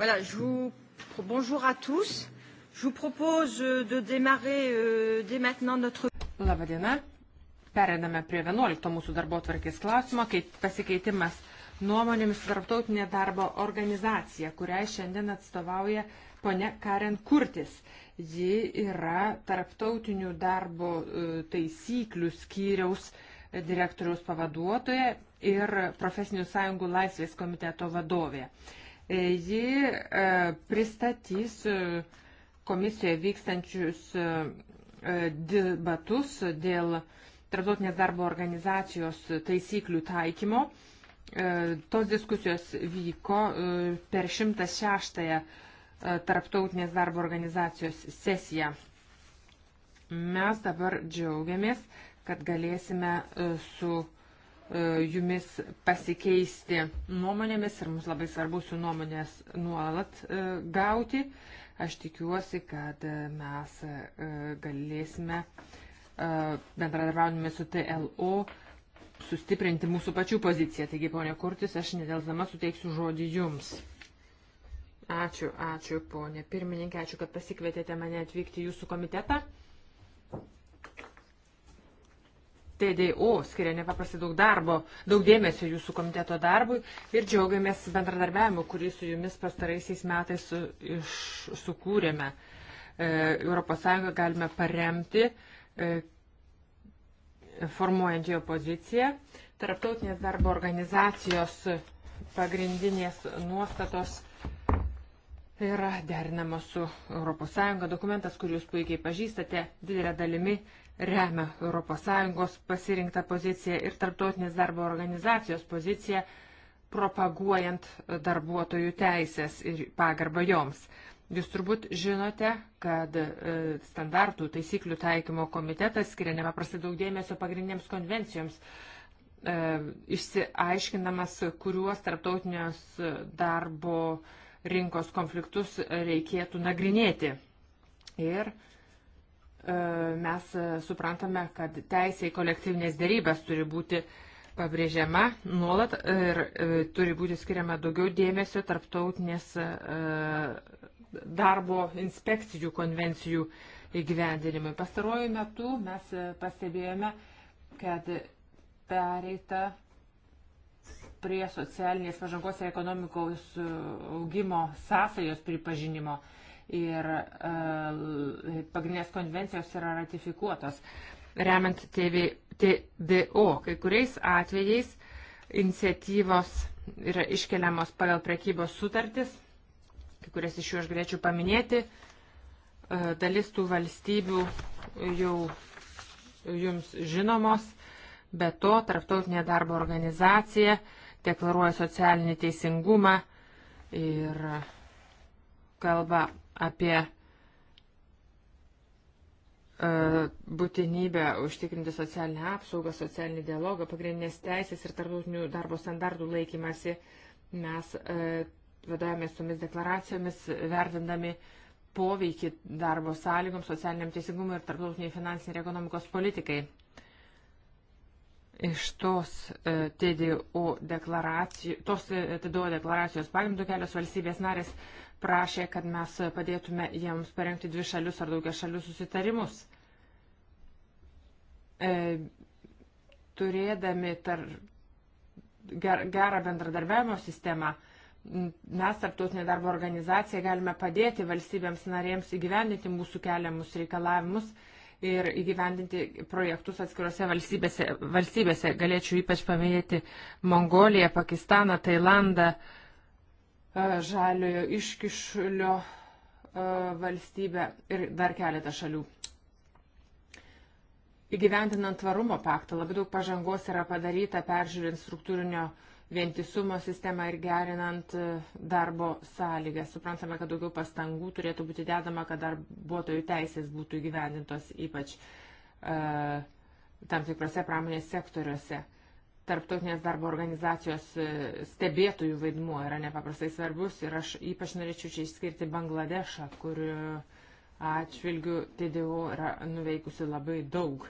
Voilà, je vous... Bonjour à tous. Je vous propose euh, de démarrer euh, dès maintenant notre... Labadiena. Pereiname prie 11 mūsų darbo tvarkės klausimo, kaip pasikeitimas nuomonėmis tarptautinė darbo organizacija, kuriai šiandien atstovauja ponia Karen Kurtis. Ji yra tarptautinių darbo e, taisyklių skyriaus e, direktoriaus pavaduotoja ir profesinių sąjungų laisvės komiteto vadovė. E, ji e, pristatys e, komisijoje vykstančius debatus dėl Tarptautinės darbo organizacijos taisyklių taikymo. Tos diskusijos vyko per 106-ąją Tarptautinės darbo organizacijos sesiją. Mes dabar džiaugiamės, kad galėsime su uh, E, jumis pasikeisti nuomonėmis ir mums labai svarbu jų nuomonės nuolat e, gauti. Aš tikiuosi, kad e, mes galėsime bendradarbiaudami su TLO sustiprinti mūsų pačių poziciją. Taigi, ponė Kurtis, aš nedelsdama suteiksiu žodį jums. Ačiū, ačiū, ponė pirmininkė, ačiū, kad pasikvietėte mane atvykti į jūsų komitetą. TDO skiria nepaprastai daug darbo, daug dėmesio jūsų komiteto darbui ir džiaugiamės bendradarbiavimu, kurį su jumis pastaraisiais metais su, iš, sukūrėme. ES galime paremti e, formuojant jo poziciją. Tarptautinės darbo organizacijos pagrindinės nuostatos yra derinama su ES dokumentas, kurį jūs puikiai pažįstate, didelė dalimi remia ES pasirinktą poziciją ir tarptautinės darbo organizacijos poziciją, propaguojant darbuotojų teisės ir pagarbą joms. Jūs turbūt žinote, kad e, standartų taisyklių taikymo komitetas skiria nepaprastai daug dėmesio pagrindiniams konvencijoms, e, išsiaiškinamas, kuriuos tarptautinės darbo rinkos konfliktus reikėtų nagrinėti. Ir e, E, mes suprantame, kad teisė į kolektyvinės dėrybas turi būti pabrėžiama nuolat ir e, turi būti skiriama daugiau dėmesio tarptautinės e, darbo inspekcijų konvencijų įgyvendinimui. Pastaruoju metu mes pastebėjome, kad pereita prie socialinės pažangos ir ekonomikos augimo sąsajos pripažinimo. Uh, ir e, pagrindinės konvencijos yra ratifikuotos. Remiant TV, TDO, kai kuriais atvejais iniciatyvos yra iškeliamos pagal prekybos sutartis, kai kurias iš jų aš galėčiau paminėti. E, dalis tų valstybių jau jums žinomos, bet to Tarptautinė darbo organizacija deklaruoja socialinį teisingumą ir kalba apie e, būtinybę užtikrinti socialinę apsaugą, socialinį dialogą, pagrindinės teisės ir tarptautinių darbo standartų laikymasi. Mes e, vadovėmės tomis deklaracijomis, vertindami poveikį darbo sąlygoms, socialiniam teisingumui ir tarptautiniai finansiniai ir ekonomikos politikai. Iš tos e, TDO deklaracijos, tos TDO deklaracijos pagrindų kelios valstybės narės prašė, kad mes padėtume jiems parengti dvi šalius ar daugia šalių susitarimus. E, turėdami tar, ger, gerą bendradarbiavimo sistemą, mes, tarptautinė darbo organizacija, galime padėti valstybėms narėms įgyvendinti mūsų keliamus reikalavimus ir įgyvendinti projektus atskirose valstybėse. valstybėse. Galėčiau ypač paminėti Mongoliją, Pakistaną, Tailandą, uh, E, žaliojo iškišlio e, valstybę ir dar keletą šalių. Įgyvendinant tvarumo paktą labai daug pažangos yra padaryta peržiūrint struktūrinio vientisumo sistemą ir gerinant e, darbo sąlygas. Suprantame, kad daugiau pastangų turėtų būti dedama, kad darbuotojų teisės būtų įgyvendintos ypač uh, tam tikrose pramonės sektoriuose. Uh, tarptautinės darbo organizacijos e, stebėtojų vaidmuo yra nepaprastai svarbus ir aš ypač norėčiau čia išskirti Bangladešą, kur e, atšvilgių TDO yra nuveikusi labai daug.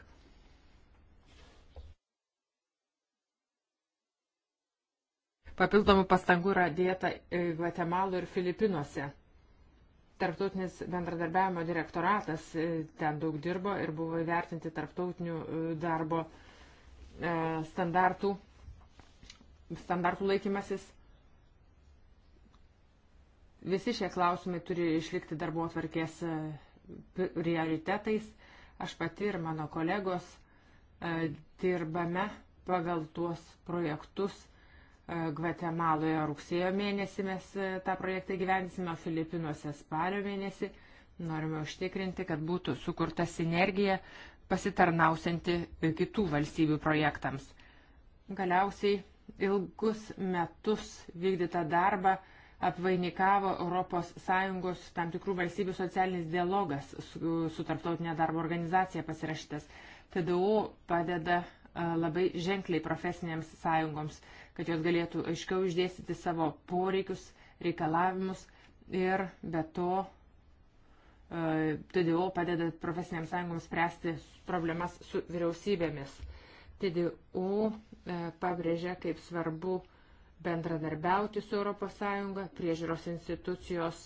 Papildomų pastangų yra dėta e, Gvatemalo ir Filipinuose. Tarptautinis bendradarbiavimo direktoratas ten daug dirbo ir buvo įvertinti tarptautinių darbo uh, E, standartų, standartų laikymasis. Visi šie klausimai turi išlikti darbo atvarkės e, prioritetais. Aš pati ir mano kolegos e, dirbame pagal tuos projektus. Gvatemaloje rugsėjo mėnesį mes tą projektą gyvensime, Filipinuose spalio mėnesį. Norime užtikrinti, kad būtų sukurta sinergija pasitarnausianti kitų valstybių projektams. Galiausiai ilgus metus vykdytą darbą apvainikavo ES tam tikrų valstybių socialinis dialogas su, su tarptautinė darbo organizacija pasirašytas. TDU padeda labai ženkliai profesinėms sąjungoms, kad jos galėtų aiškiau išdėstyti savo poreikius, reikalavimus ir be to TDO padeda profesiniams sąjungoms spręsti problemas su vyriausybėmis. TDO e, pabrėžia, kaip svarbu bendradarbiauti su ES, priežiūros institucijos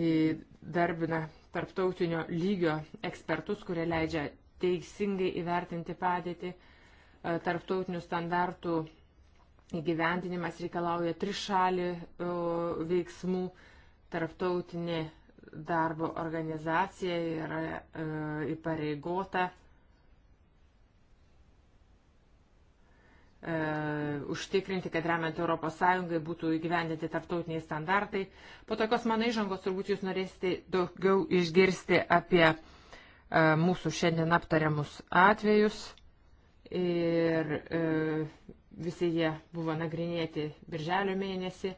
įdarbina tarptautinio lygio ekspertus, kurie leidžia teisingai įvertinti padėtį. E, tarptautinių standartų įgyvendinimas reikalauja trišalį e, veiksmų Tarptautinė darbo organizacija yra e, įpareigota e, užtikrinti, kad remiant ES būtų įgyvendinti tarptautiniai standartai. Po tokios mano įžangos turbūt jūs norėsite daugiau išgirsti apie e, mūsų šiandien aptariamus atvejus. Ir e, visi jie buvo nagrinėti birželio mėnesį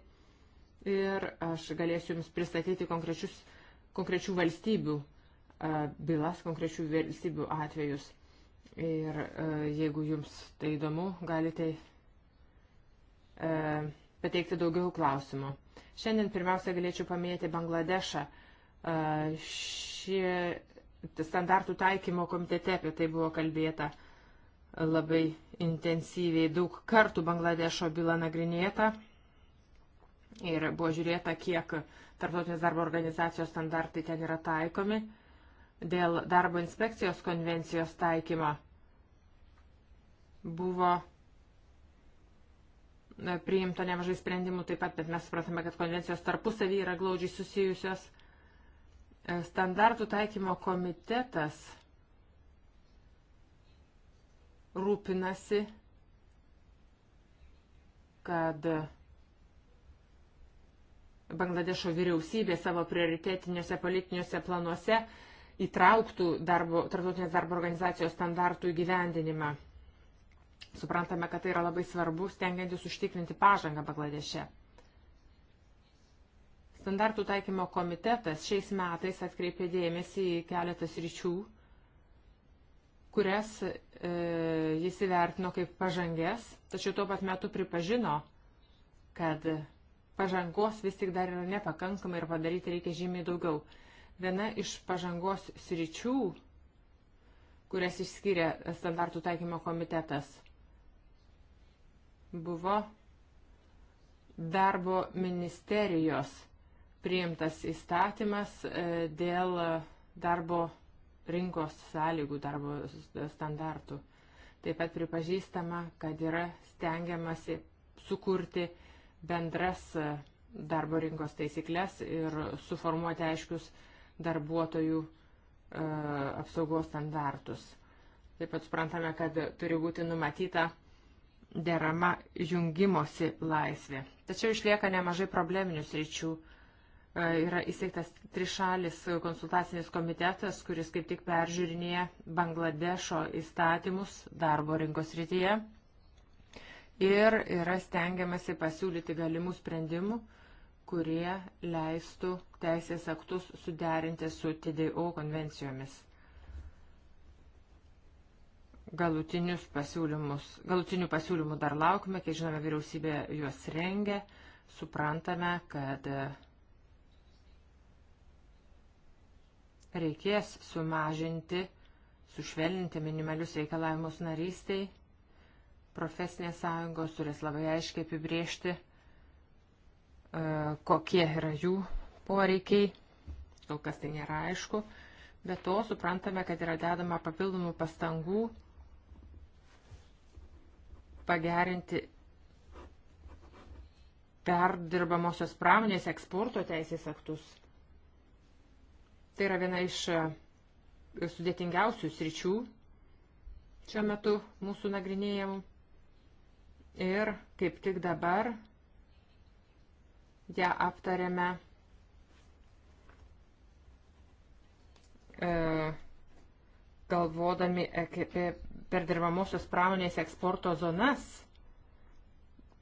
ir aš galėsiu Jums pristatyti konkrečių valstybių bylas, konkrečių valstybių atvejus. Ir jeigu Jums tai įdomu, galite pateikti daugiau klausimų. Šiandien pirmiausia galėčiau paminėti Bangladešą. Šie standartų taikymo komitete apie tai buvo kalbėta labai intensyviai. Daug kartų Bangladešo byla nagrinėta ir buvo žiūrėta, kiek tarptautinės darbo organizacijos standartai ten yra taikomi. Dėl darbo inspekcijos konvencijos taikymo buvo e, priimta nemažai sprendimų taip pat, bet mes supratome, kad konvencijos tarpusavį yra glaudžiai susijusios. E, standartų taikymo komitetas rūpinasi, kad Bangladešo vyriausybė savo prioritetiniuose politiniuose planuose įtrauktų darbo, tarptautinės darbo organizacijos standartų įgyvendinimą. Suprantame, kad tai yra labai svarbu, stengiantis užtikrinti pažangą Bangladeše. Standartų taikymo komitetas šiais metais atkreipė dėmesį į keletas ryčių, kurias e, jis įvertino kaip pažangės, tačiau tuo pat metu pripažino, kad pažangos vis tik dar yra nepakankamai ir padaryti reikia žymiai daugiau. Viena iš pažangos sričių, kurias išskyrė standartų taikymo komitetas, buvo darbo ministerijos priimtas įstatymas e, dėl darbo rinkos sąlygų, darbo standartų. Taip pat pripažįstama, kad yra stengiamasi sukurti uh, bendras e, darbo rinkos taisyklės ir suformuoti aiškius darbuotojų e, apsaugos standartus. Taip pat suprantame, kad turi būti numatyta derama jungimosi laisvė. Tačiau išlieka nemažai probleminių sričių. E, yra įsteigtas trišalis konsultacinis komitetas, kuris kaip tik peržiūrinėja Bangladešo įstatymus darbo rinkos rytyje ir yra stengiamasi pasiūlyti galimų sprendimų, kurie leistų teisės aktus suderinti su TDO konvencijomis. Galutinius pasiūlymus, galutinių pasiūlymų dar laukime, kai žinome, vyriausybė juos rengia, suprantame, kad reikės sumažinti, sušvelninti minimalius reikalavimus narystiai Profesinės sąjungos turės labai aiškiai apibriežti, e, kokie yra jų poreikiai. Kol kas tai nėra aišku. Be to, suprantame, kad yra dedama papildomų pastangų pagerinti perdirbamosios pramonės eksporto teisės aktus. Tai yra viena iš e, sudėtingiausių sričių šiuo metu mūsų nagrinėjimų ir kaip tik dabar ją aptarėme e, galvodami apie perdirbamosios pramonės eksporto zonas,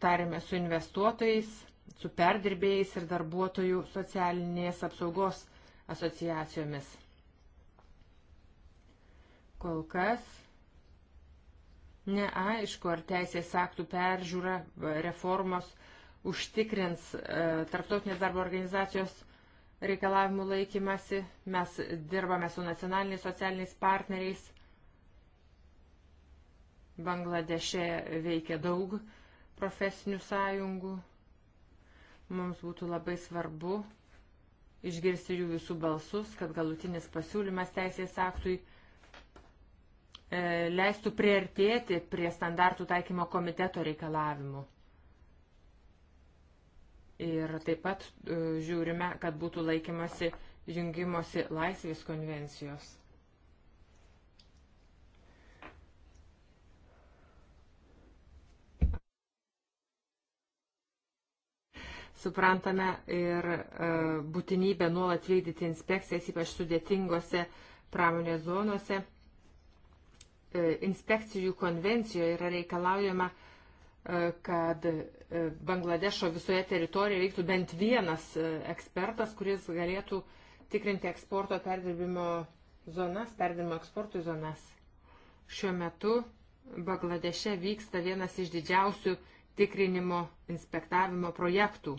tarėme su investuotojais, su perdirbėjais ir darbuotojų socialinės apsaugos asociacijomis. Kol kas Neaišku, ar teisės aktų peržiūra, reformos užtikrins e, Tarptautinės darbo organizacijos reikalavimų laikymasi. Mes dirbame su nacionaliniais socialiniais partneriais. Bangladeše veikia daug profesinių sąjungų. Mums būtų labai svarbu išgirsti jų visų balsus, kad galutinis pasiūlymas teisės aktui E, leistų priartėti prie standartų taikymo komiteto reikalavimų. Ir taip pat e, žiūrime, kad būtų laikymasi jungimosi laisvės konvencijos. Suprantame ir e, būtinybę nuolat vykdyti inspekcijas, ypač sudėtingose pramonės zonose E, inspekcijų konvencijoje yra reikalaujama, e, kad e, Bangladešo visoje teritorijoje veiktų bent vienas ekspertas, kuris galėtų tikrinti eksporto perdirbimo zonas, perdirbimo eksportui zonas. Šiuo metu Bangladeše vyksta vienas iš didžiausių tikrinimo inspektavimo projektų.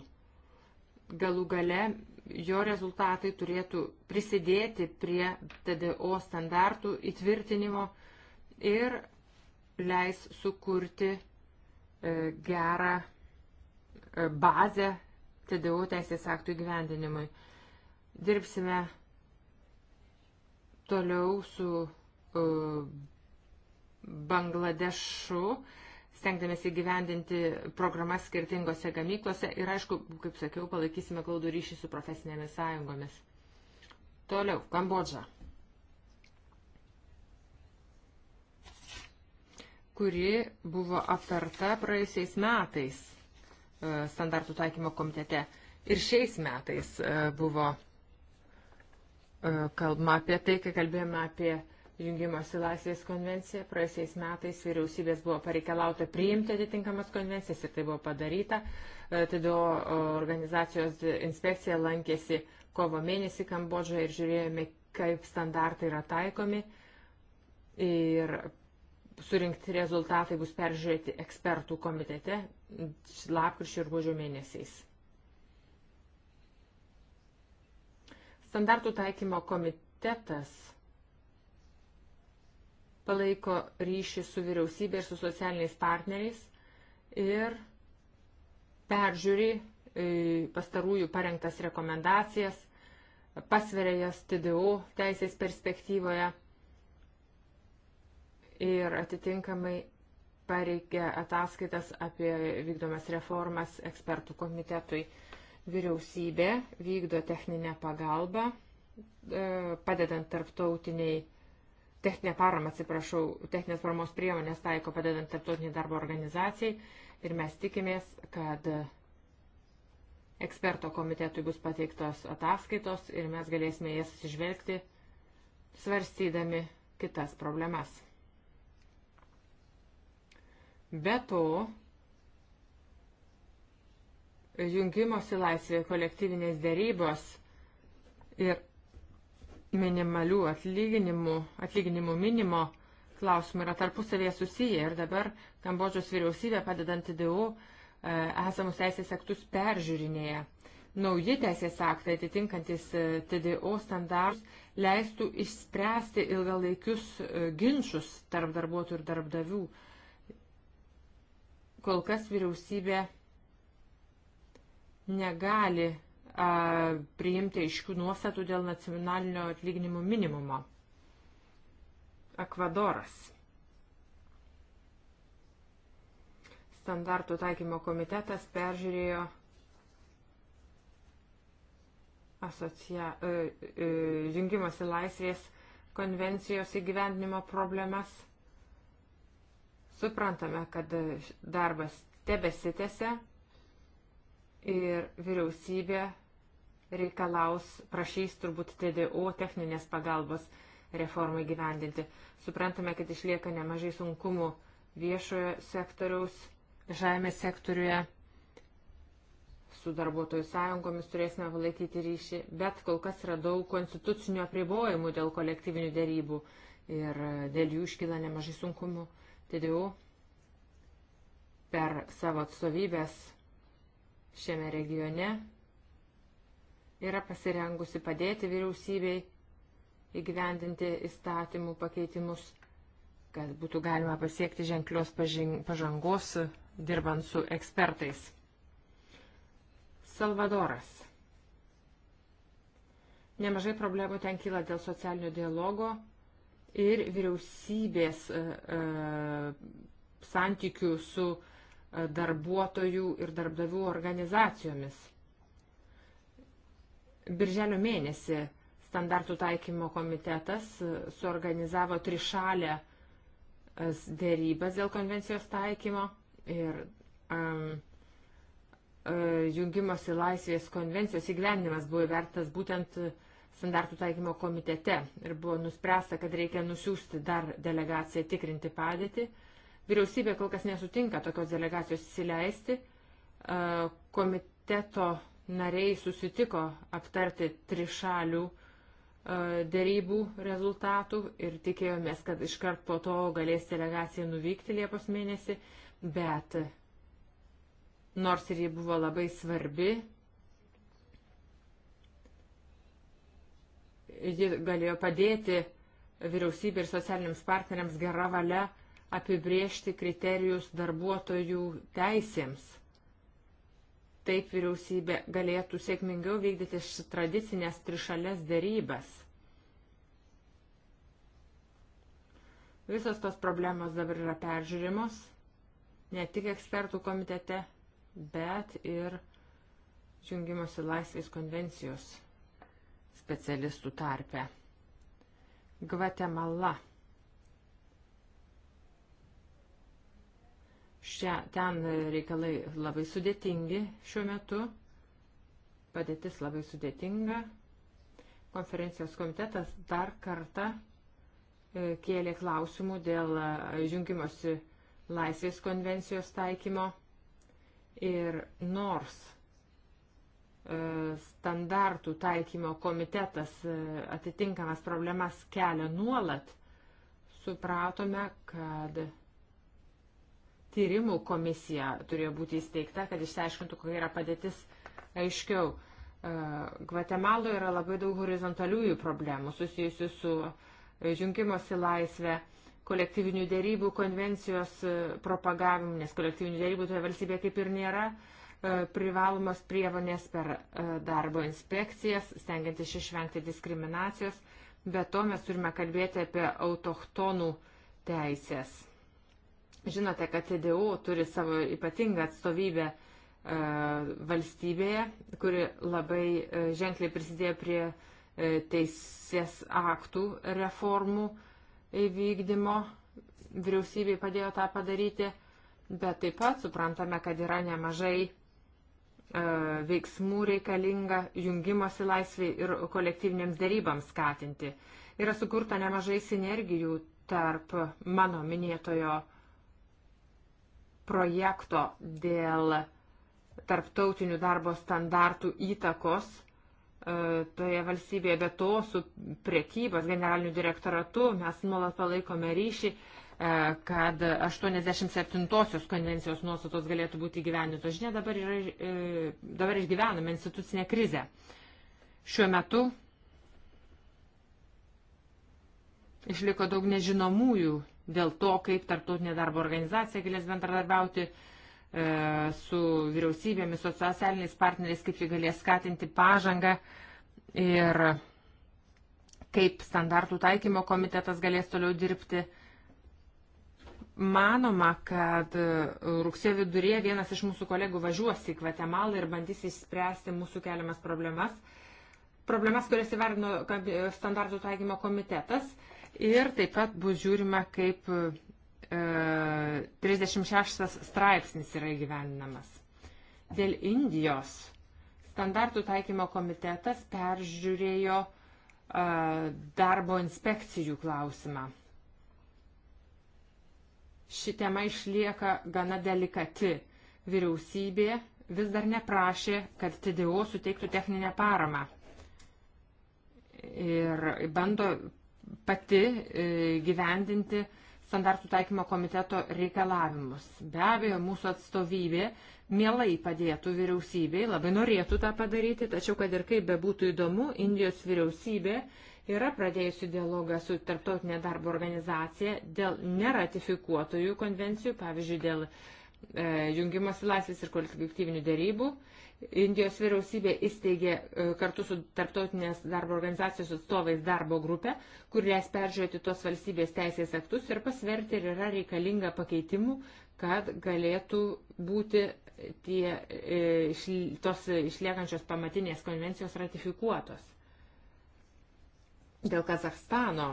Galų gale jo rezultatai turėtų prisidėti prie TDO standartų įtvirtinimo, uh, ir leis sukurti e, gerą e, bazę TDU teisės aktų įgyvendinimui. Dirbsime toliau su e, Bangladešu, stengdamėsi gyvendinti programas skirtingose gamyklose ir, aišku, kaip sakiau, palaikysime glaudų ryšį su profesinėmis sąjungomis. Toliau, Kambodža. kuri buvo aptarta praėjusiais metais e, standartų taikymo komitete. Ir šiais metais e, buvo e, kalbama apie tai, kai kalbėjome apie jungimosi laisvės konvenciją. Praėjusiais metais vyriausybės buvo pareikalauta priimti atitinkamas konvencijas ir tai buvo padaryta. Tada organizacijos inspekcija lankėsi kovo mėnesį Kambodžoje ir žiūrėjome, kaip standartai yra taikomi. Ir surinkti rezultatai bus peržiūrėti ekspertų komitete lapkričio ir gruodžio mėnesiais. Standartų taikymo komitetas palaiko ryšį su vyriausybė ir su socialiniais partneriais ir peržiūri e, pastarųjų parengtas rekomendacijas, pasveria jas TDO teisės perspektyvoje ir atitinkamai pareigia ataskaitas apie vykdomas reformas ekspertų komitetui. Vyriausybė vykdo techninę pagalbą, e, padedant tarptautiniai, techninę paramą, atsiprašau, techninės paramos priemonės taiko padedant tarptautiniai darbo organizacijai ir mes tikimės, kad eksperto komitetui bus pateiktos ataskaitos ir mes galėsime jas atsižvelgti, svarstydami kitas problemas. Be to, jungimosi laisvė, kolektyvinės dėrybos ir minimalių atlyginimų, atlyginimų minimo klausimai yra tarpusavėje susiję ir dabar Kambodžos vyriausybė padedant IDU e, esamus teisės aktus peržiūrinėja. Nauji teisės aktai atitinkantis e, TDO standartus leistų išspręsti ilgalaikius e, ginčius tarp darbuotojų ir darbdavių Kol kas vyriausybė negali a, priimti aiškių nuostatų dėl nacionalinio atlyginimų minimumo. Ekvadoras. Standartų taikymo komitetas peržiūrėjo asocia, e, e, jungimas į laisvės konvencijos įgyvendinimo problemas – Suprantame, kad darbas tebesitėse ir vyriausybė reikalaus, prašys turbūt TDO techninės pagalbos reformai gyvendinti. Suprantame, kad išlieka nemažai sunkumų viešojo sektoriaus, žemės sektoriuje, su darbuotojų sąjungomis turėsime palaikyti ryšį, bet kol kas yra daug konstitucinių apribojimų dėl kolektyvinių dėrybų ir dėl jų iškyla nemažai sunkumų. TDU per savo atstovybės šiame regione yra pasirengusi padėti vyriausybei įgyvendinti įstatymų pakeitimus, kad būtų galima pasiekti ženklios pažangos dirbant su ekspertais. Salvadoras. Nemažai problemų ten kyla dėl socialinio dialogo ir vyriausybės e, e, santykių su e, darbuotojų ir darbdavių organizacijomis. Birželio mėnesį standartų taikymo komitetas suorganizavo trišalę dėrybas dėl konvencijos taikymo ir um, jungimosi laisvės konvencijos įgyvenimas buvo įvertas būtent uh, standartų taikymo komitete ir buvo nuspręsta, kad reikia nusiųsti dar delegaciją tikrinti padėtį. Vyriausybė kol kas nesutinka tokios delegacijos įsileisti. E, komiteto nariai susitiko aptarti trišalių e, dėrybų rezultatų ir tikėjomės, kad iškart po to galės delegacija nuvykti Liepos mėnesį, bet nors ir ji buvo labai svarbi, ji galėjo padėti vyriausybė ir socialiniams partneriams gera valia apibriežti kriterijus darbuotojų teisėms. Taip vyriausybė galėtų sėkmingiau vykdyti tradicinės trišalės dėrybas. Visos tos problemos dabar yra peržiūrimos, ne tik ekspertų komitete, bet ir jungimosi laisvės konvencijos specialistų tarpe. Gvatemala. Šia, ten reikalai labai sudėtingi šiuo metu, padėtis labai sudėtinga. Konferencijos komitetas dar kartą e, kėlė klausimų dėl žungimosi e, laisvės konvencijos taikymo ir nors E, standartų taikymo komitetas e, atitinkamas problemas kelia nuolat, supratome, kad tyrimų komisija turėjo būti įsteigta, kad išsiaiškintų, kokia yra padėtis aiškiau. E, Gvatemaloje yra labai daug horizontaliųjų problemų susijusių su žinkimosi laisvė, kolektyvinių dėrybų konvencijos propagavimu, nes kolektyvinių dėrybų toje valstybėje kaip ir nėra. Uh, E, privalomas priemonės per e, darbo inspekcijas, stengiantis išvengti diskriminacijos. Be to mes turime kalbėti apie autochtonų teisės. Žinote, kad TDU turi savo ypatingą atstovybę e, valstybėje, kuri labai ženkliai prisidėjo prie teisės aktų reformų įvykdymo. Vyriausybei padėjo tą padaryti. Bet taip pat suprantame, kad yra nemažai veiksmų reikalinga jungimosi laisviai ir kolektyvinėms dėrybams skatinti. Yra sukurta nemažai sinergijų tarp mano minėtojo projekto dėl tarptautinių darbo standartų įtakos toje valstybėje, bet to su priekybos generaliniu direktoratu mes nuolat palaikome ryšį E, kad 87-osios konvencijos nuostatos galėtų būti gyvenintos. Žinia, dabar, yra, e, dabar išgyvename institucinę krizę. Šiuo metu išliko daug nežinomųjų dėl to, kaip tarptautinė darbo organizacija galės bendradarbiauti e, su vyriausybėmis, socialiniais partneriais, kaip ji galės skatinti pažangą ir kaip standartų taikymo komitetas galės toliau dirbti. Manoma, kad e, rugsėjo vidurėje vienas iš mūsų kolegų važiuos į Gvatemalą ir bandys išspręsti mūsų keliamas problemas. Problemas, kurias įvardino standartų taikymo komitetas. Ir taip pat bus žiūrima, kaip e, 36 straipsnis yra įgyveninamas. Dėl Indijos standartų taikymo komitetas peržiūrėjo e, darbo inspekcijų klausimą ši tema išlieka gana delikati. Vyriausybė vis dar neprašė, kad TDO suteiktų techninę paramą. Ir bando pati e, gyvendinti standartų taikymo komiteto reikalavimus. Be abejo, mūsų atstovybė mielai padėtų vyriausybei, labai norėtų tą padaryti, tačiau kad ir kaip bebūtų įdomu, Indijos vyriausybė uh, yra pradėjusi dialogą su Tarptautinė darbo organizacija dėl neratifikuotojų konvencijų, pavyzdžiui, dėl e, jungimas į laisvės ir kolektyvinių dėrybų. Indijos vyriausybė įsteigė e, kartu su Tarptautinės darbo organizacijos atstovais darbo grupę, kur leis peržiūrėti tos valstybės teisės aktus ir pasverti, ar yra reikalinga pakeitimų, kad galėtų būti tie, e, tos išliekančios pamatinės konvencijos ratifikuotos. Dėl Kazahstano.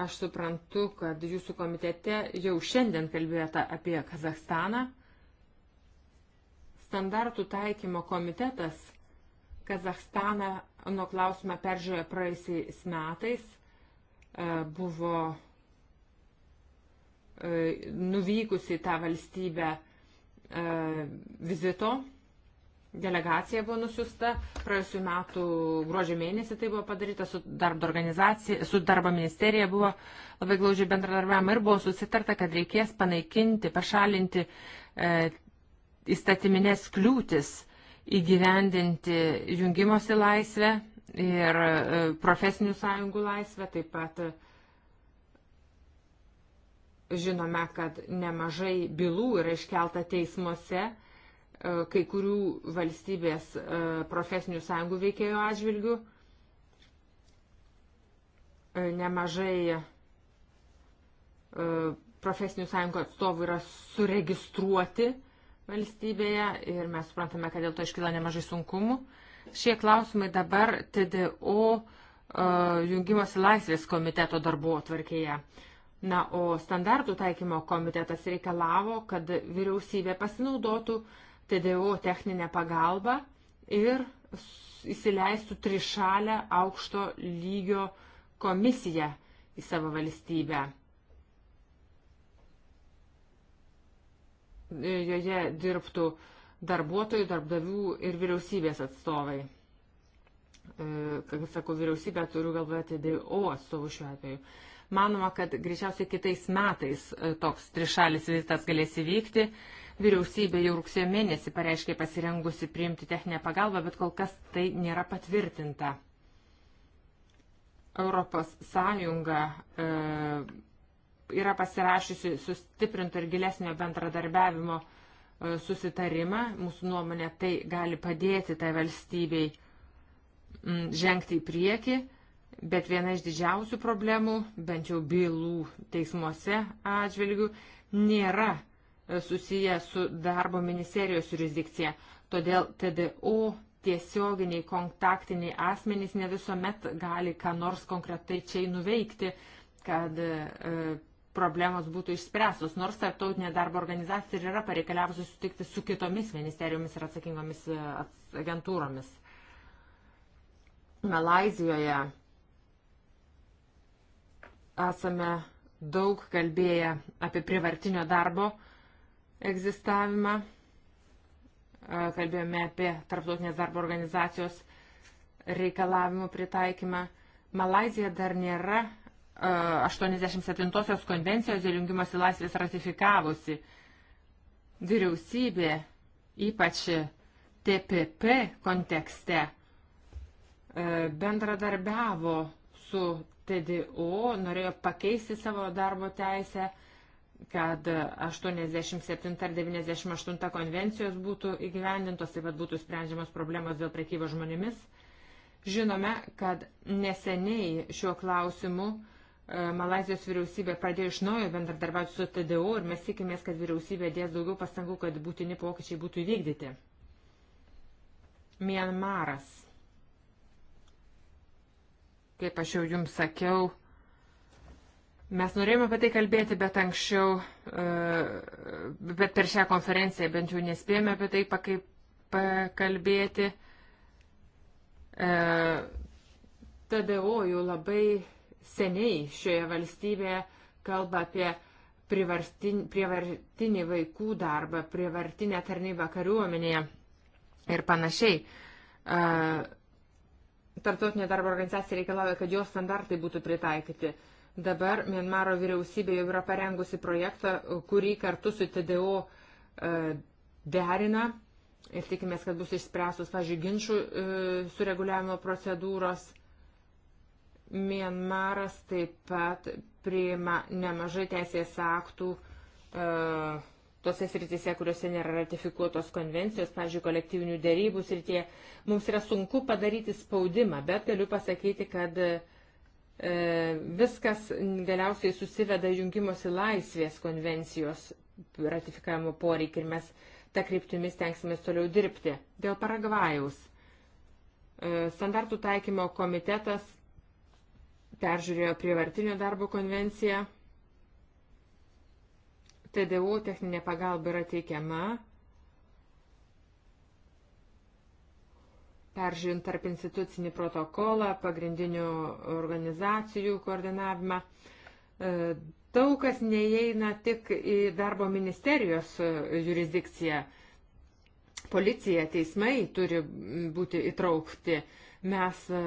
Aš suprantu, kad jūsų komitete jau šiandien kalbėjote apie Kazahstaną. Standartų taikymo komitetas Kazahstaną nuo klausimą peržiūrėjo praeisiais metais. E, buvo e, nuvykusi tą valstybę e, vizito delegacija buvo nusiusta, praėjusiu metu gruodžio mėnesį tai buvo padaryta, su darbo organizacija, su darbo ministerija buvo labai glaužiai bendradarbiavama ir buvo susitarta, kad reikės panaikinti, pašalinti e, įstatyminės kliūtis įgyvendinti jungimosi laisvę ir e, profesinių sąjungų laisvę, taip pat e, Žinome, kad nemažai bylų yra iškelta teismuose, E, kai kurių valstybės e, profesinių sąjungų veikėjų atžvilgių. E, nemažai profesinių sąjungų atstovų yra suregistruoti valstybėje ir mes suprantame, kad dėl to iškyla nemažai sunkumų. Šie klausimai dabar TDO jungimosi laisvės komiteto darbo atvarkėje. Na, o standartų taikymo komitetas reikalavo, kad vyriausybė pasinaudotų uh, TDO techninę pagalbą ir įsileistų trišalę aukšto lygio komisiją į savo valstybę. Joje dirbtų darbuotojų, darbdavių ir vyriausybės atstovai. E, kaip sakau, vyriausybę turiu galvoje TDO atstovų šiuo atveju. Manoma, kad greičiausiai kitais metais e, toks trišalis vizitas galės įvykti. Vyriausybė jau rugsėjo mėnesį pareiškė pasirengusi priimti techninę pagalbą, bet kol kas tai nėra patvirtinta. Europos Sąjunga e, yra pasirašiusi sustiprinto ir gilesnio bendradarbiavimo e, susitarimą. Mūsų nuomonė tai gali padėti tai valstybei m, žengti į priekį, bet viena iš didžiausių problemų, bent jau bylų teismuose atžvilgių, nėra susiję su darbo ministerijos jurisdikcija. Todėl TDO tiesioginiai kontaktiniai asmenys ne visuomet gali ką nors konkretai čia nuveikti, kad e, problemos būtų išspręstos, nors tarptautinė darbo organizacija ir yra pareikaliavusi sutikti su kitomis ministerijomis ir atsakingomis e, agentūromis. Malazijoje esame daug kalbėję apie privartinio darbo uh, egzistavimą, kalbėjome apie tarptautinės darbo organizacijos reikalavimų pritaikymą. Malazija dar nėra 87-osios konvencijos dėl jungimosi laisvės ratifikavusi. Vyriausybė, ypač TPP kontekste, bendradarbiavo su TDO, norėjo pakeisti savo darbo teisę kad 87 ar 98 konvencijos būtų įgyvendintos, taip pat būtų sprendžiamos problemos dėl prekybos žmonėmis. Žinome, kad neseniai šiuo klausimu e, Malazijos vyriausybė pradėjo iš naujo bendradarbiauti su TDO ir mes tikimės, kad vyriausybė dės daugiau pastangų, kad būtini pokyčiai būtų įvykdyti. Mianmaras. Kaip aš jau jums sakiau, Mes norėjome apie tai kalbėti, bet anksčiau, e, bet per šią konferenciją bent jau nespėjome apie tai pakaip, pakalbėti. E, TDO jau labai seniai šioje valstybėje kalba apie prievartinį vaikų darbą, prievartinę tarnybą kariuomenėje ir panašiai. E, Tartautinė darbo organizacija reikalauja, kad jos standartai būtų pritaikyti. Dabar Mienmaro vyriausybė jau yra parengusi projektą, kurį kartu su TDO e, derina ir tikimės, kad bus išspręstos, pažiūrėjau, ginčių e, sureguliavimo procedūros. Mienmaras taip pat priima nemažai teisės aktų e, tose sritise, kuriuose nėra ratifikuotos konvencijos, pavyzdžiui, kolektyvinių dėrybų srityje. Mums yra sunku padaryti spaudimą, bet galiu pasakyti, kad uh, E, viskas galiausiai susiveda jungimosi laisvės konvencijos ratifikavimo poreikį ir mes tą kryptimį stengsimės toliau dirbti. Dėl Paragvajaus. E, standartų taikymo komitetas peržiūrėjo prievartinio darbo konvenciją. TDU techninė pagalba yra teikiama peržiūrint tarp institucinį protokolą, pagrindinių organizacijų koordinavimą. E, daug kas neįeina tik į darbo ministerijos e, jurisdikciją. Policija, teismai turi būti įtraukti. Mes e,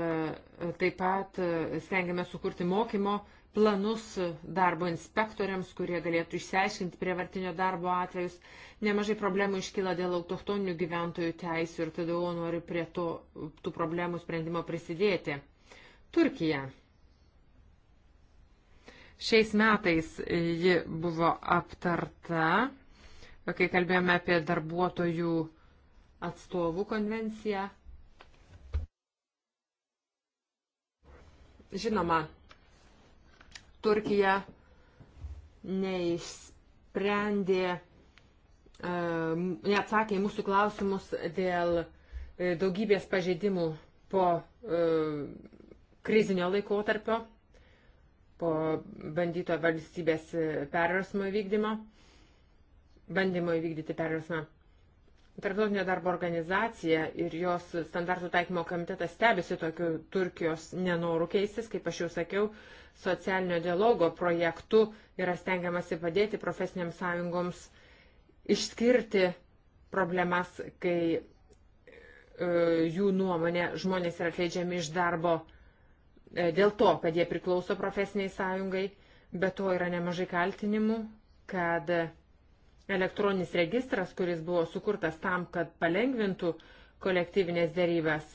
taip pat stengiame sukurti mokymo planus darbo inspektoriams, kurie galėtų išsiaiškinti prievartinio darbo atvejus. Nemažai problemų iškyla dėl autochtoninių gyventojų teisų ir tada noriu prie to, tų problemų sprendimo prisidėti. Turkija. Šiais metais ji buvo aptarta, kai kalbėjome apie darbuotojų atstovų konvenciją. Žinoma, Turkija neišsprendė, e, neatsakė į mūsų klausimus dėl e, daugybės pažeidimų po e, krizinio laikotarpio, po bandyto valstybės perversmo įvykdymo, bandymo įvykdyti perversmą. Tarptautinė darbo organizacija ir jos standartų taikymo komitetas stebisi tokiu Turkijos nenoru keistis, kaip aš jau sakiau, socialinio dialogo projektu yra stengiamasi padėti profesiniams sąjungoms išskirti problemas, kai e, jų nuomonė žmonės yra atleidžiami iš darbo e, dėl to, kad jie priklauso profesiniai sąjungai, bet to yra nemažai kaltinimų, kad e, Elektroninis registras, kuris buvo sukurtas tam, kad palengvintų kolektyvinės dėrybės.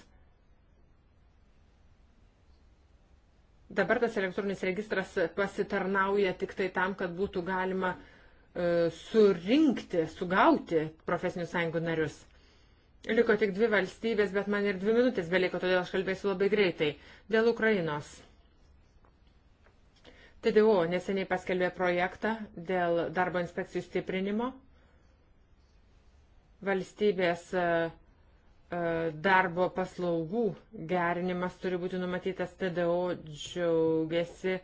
Dabar tas elektroninis registras pasitarnauja tik tai tam, kad būtų galima e, surinkti, sugauti profesinių sąjungų narius. Liko tik dvi valstybės, bet man ir dvi minutės beliko, todėl aš kalbėsiu labai greitai. Dėl Ukrainos. TDO neseniai paskelbė projektą dėl darbo inspekcijų stiprinimo. Valstybės e, e, darbo paslaugų gerinimas turi būti numatytas TDO džiaugiasi,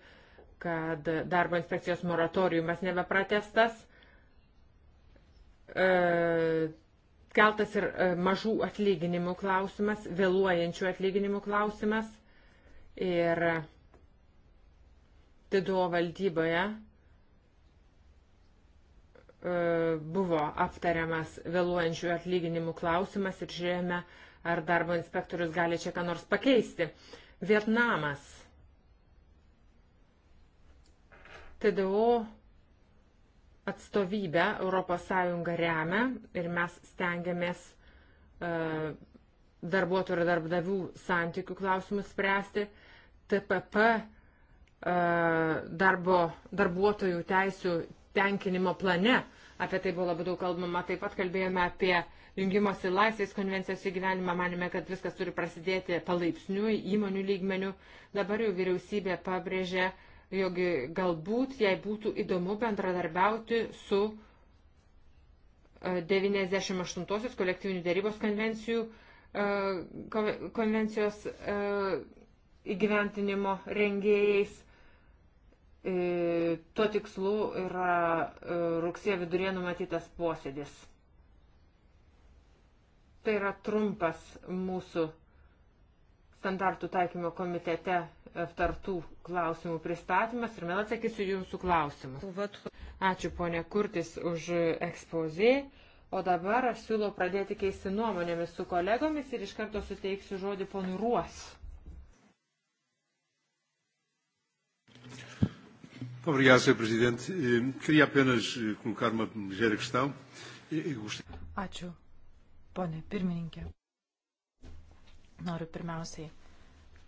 kad darbo inspekcijos moratoriumas nebepratestas. E, keltas ir mažų atlyginimų klausimas, vėluojančių atlyginimų klausimas. Ir Diduo valdyboje e, buvo aptariamas vėluojančių atlyginimų klausimas ir žiūrėjome, ar darbo inspektorius gali čia ką nors pakeisti. Vietnamas. TDO atstovybę ES remia ir mes stengiamės uh, darbuotojų ir darbdavių santykių klausimus spręsti. TPP uh, E, darbo, darbuotojų teisų tenkinimo plane. Apie tai buvo labai daug kalbama. Taip pat kalbėjome apie jungimosi laisvės konvencijos įgyvenimą. Manime, kad viskas turi prasidėti palaipsniui įmonių lygmenių. Dabar jau vyriausybė pabrėžė, jog galbūt jai būtų įdomu bendradarbiauti su 98-osios e, kolektyvinių dėrybos konvencijų, e, konvencijos įgyventinimo rengėjais E, tuo tikslu yra e, rugsėjo vidurė numatytas posėdis. Tai yra trumpas mūsų standartų taikymo komitete aptartų klausimų pristatymas ir vėl atsakysiu jūsų klausimus. Ačiū ponė Kurtis už ekspozį. O dabar aš siūlau pradėti keisti nuomonėmis su kolegomis ir iš karto suteiksiu žodį ponui Ruos. Obrigado, Sr. Presidente. Eh, queria apenas eh, colocar uma ligeira questão. E, e Ačiū, ponė pirmininkė. Noriu pirmiausiai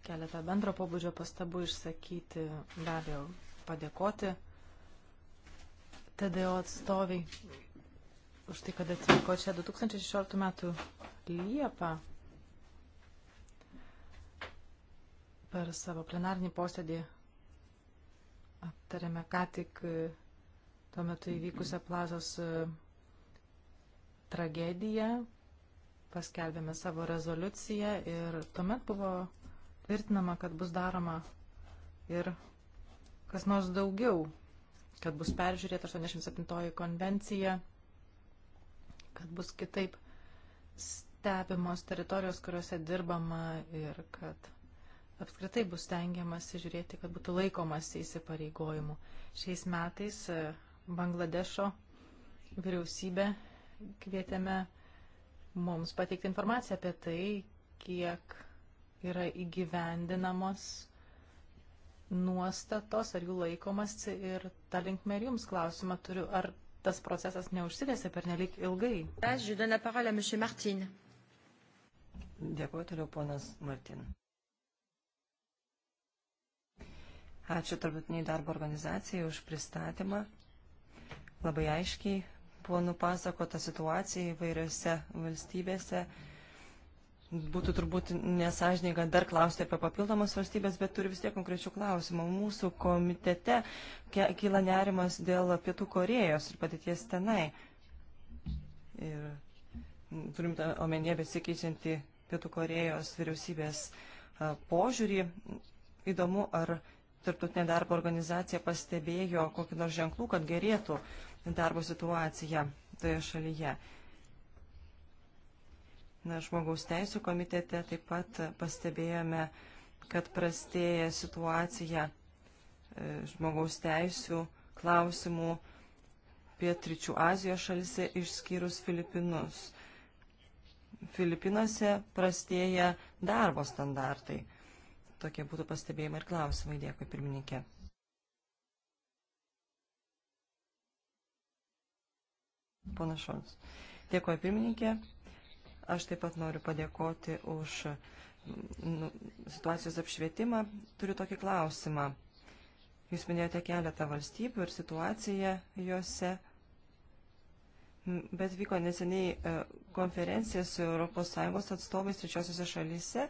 keletą bendro pobūdžio pastabų išsakyti, be abejo, padėkoti TDO atstoviai už tai, kad atvyko čia 2016 metų Liepą per savo plenarnį posėdį Aptarėme ką tik e, tuo metu įvykusią plazos e, tragediją, paskelbėme savo rezoliuciją ir tuomet buvo tvirtinama, kad bus daroma ir kas nors daugiau, kad bus peržiūrėta 87 konvencija, kad bus kitaip stebimos teritorijos, kuriuose dirbama ir kad apskritai bus tengiamasi žiūrėti, kad būtų laikomasi įsipareigojimų. Šiais metais e, Bangladešo vyriausybę kvietėme mums pateikti informaciją apie tai, kiek yra įgyvendinamos nuostatos, ar jų laikomasi ir tą linkmę ir jums klausimą turiu, ar tas procesas neužsidėsi per nelik ilgai. Dėkuoju toliau, ponas Martin. Ačiū tarptautiniai darbo organizacijai už pristatymą. Labai aiškiai buvo nupasakota situacija įvairiose valstybėse. Būtų turbūt nesažininga dar klausti apie papildomas valstybės, bet turiu vis tiek konkrečių klausimų. Mūsų komitete kyla nerimas dėl Pietų Korejos ir padėties tenai. Ir turim omenyje besikeičianti Pietų Korejos vyriausybės požiūrį. Įdomu, ar Tarptautinė darbo organizacija pastebėjo kokį nors ženklų, kad gerėtų darbo situacija toje šalyje. Na, žmogaus teisų komitete taip pat pastebėjome, kad prastėja situacija e, žmogaus teisų klausimų pietričių Azijos šalise išskyrus Filipinus. Filipinose prastėja darbo standartai tokie būtų pastebėjimai ir klausimai. Dėkui, pirmininkė. Pana Šonis. Dėkuoju, pirmininkė. Aš taip pat noriu padėkoti už mm, nu, situacijos apšvietimą. Turiu tokį klausimą. Jūs minėjote keletą valstybių ir situaciją juose, bet vyko neseniai e, konferenciją su ES atstovais trečiosiuose šalyse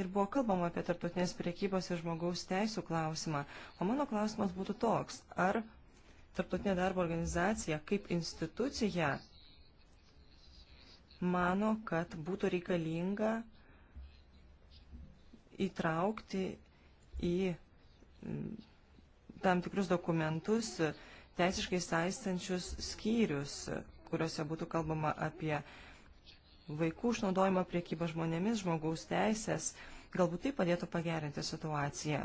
ir buvo kalbama apie tarptautinės priekybos ir žmogaus teisų klausimą. O mano klausimas būtų toks, ar tarptautinė darbo organizacija kaip institucija mano, kad būtų reikalinga įtraukti į mm, tam tikrus dokumentus teisiškai saistančius skyrius, kuriuose būtų kalbama apie uh, vaikų išnaudojimą, priekybą žmonėmis, žmogaus teisės. Galbūt tai padėtų pagerinti situaciją.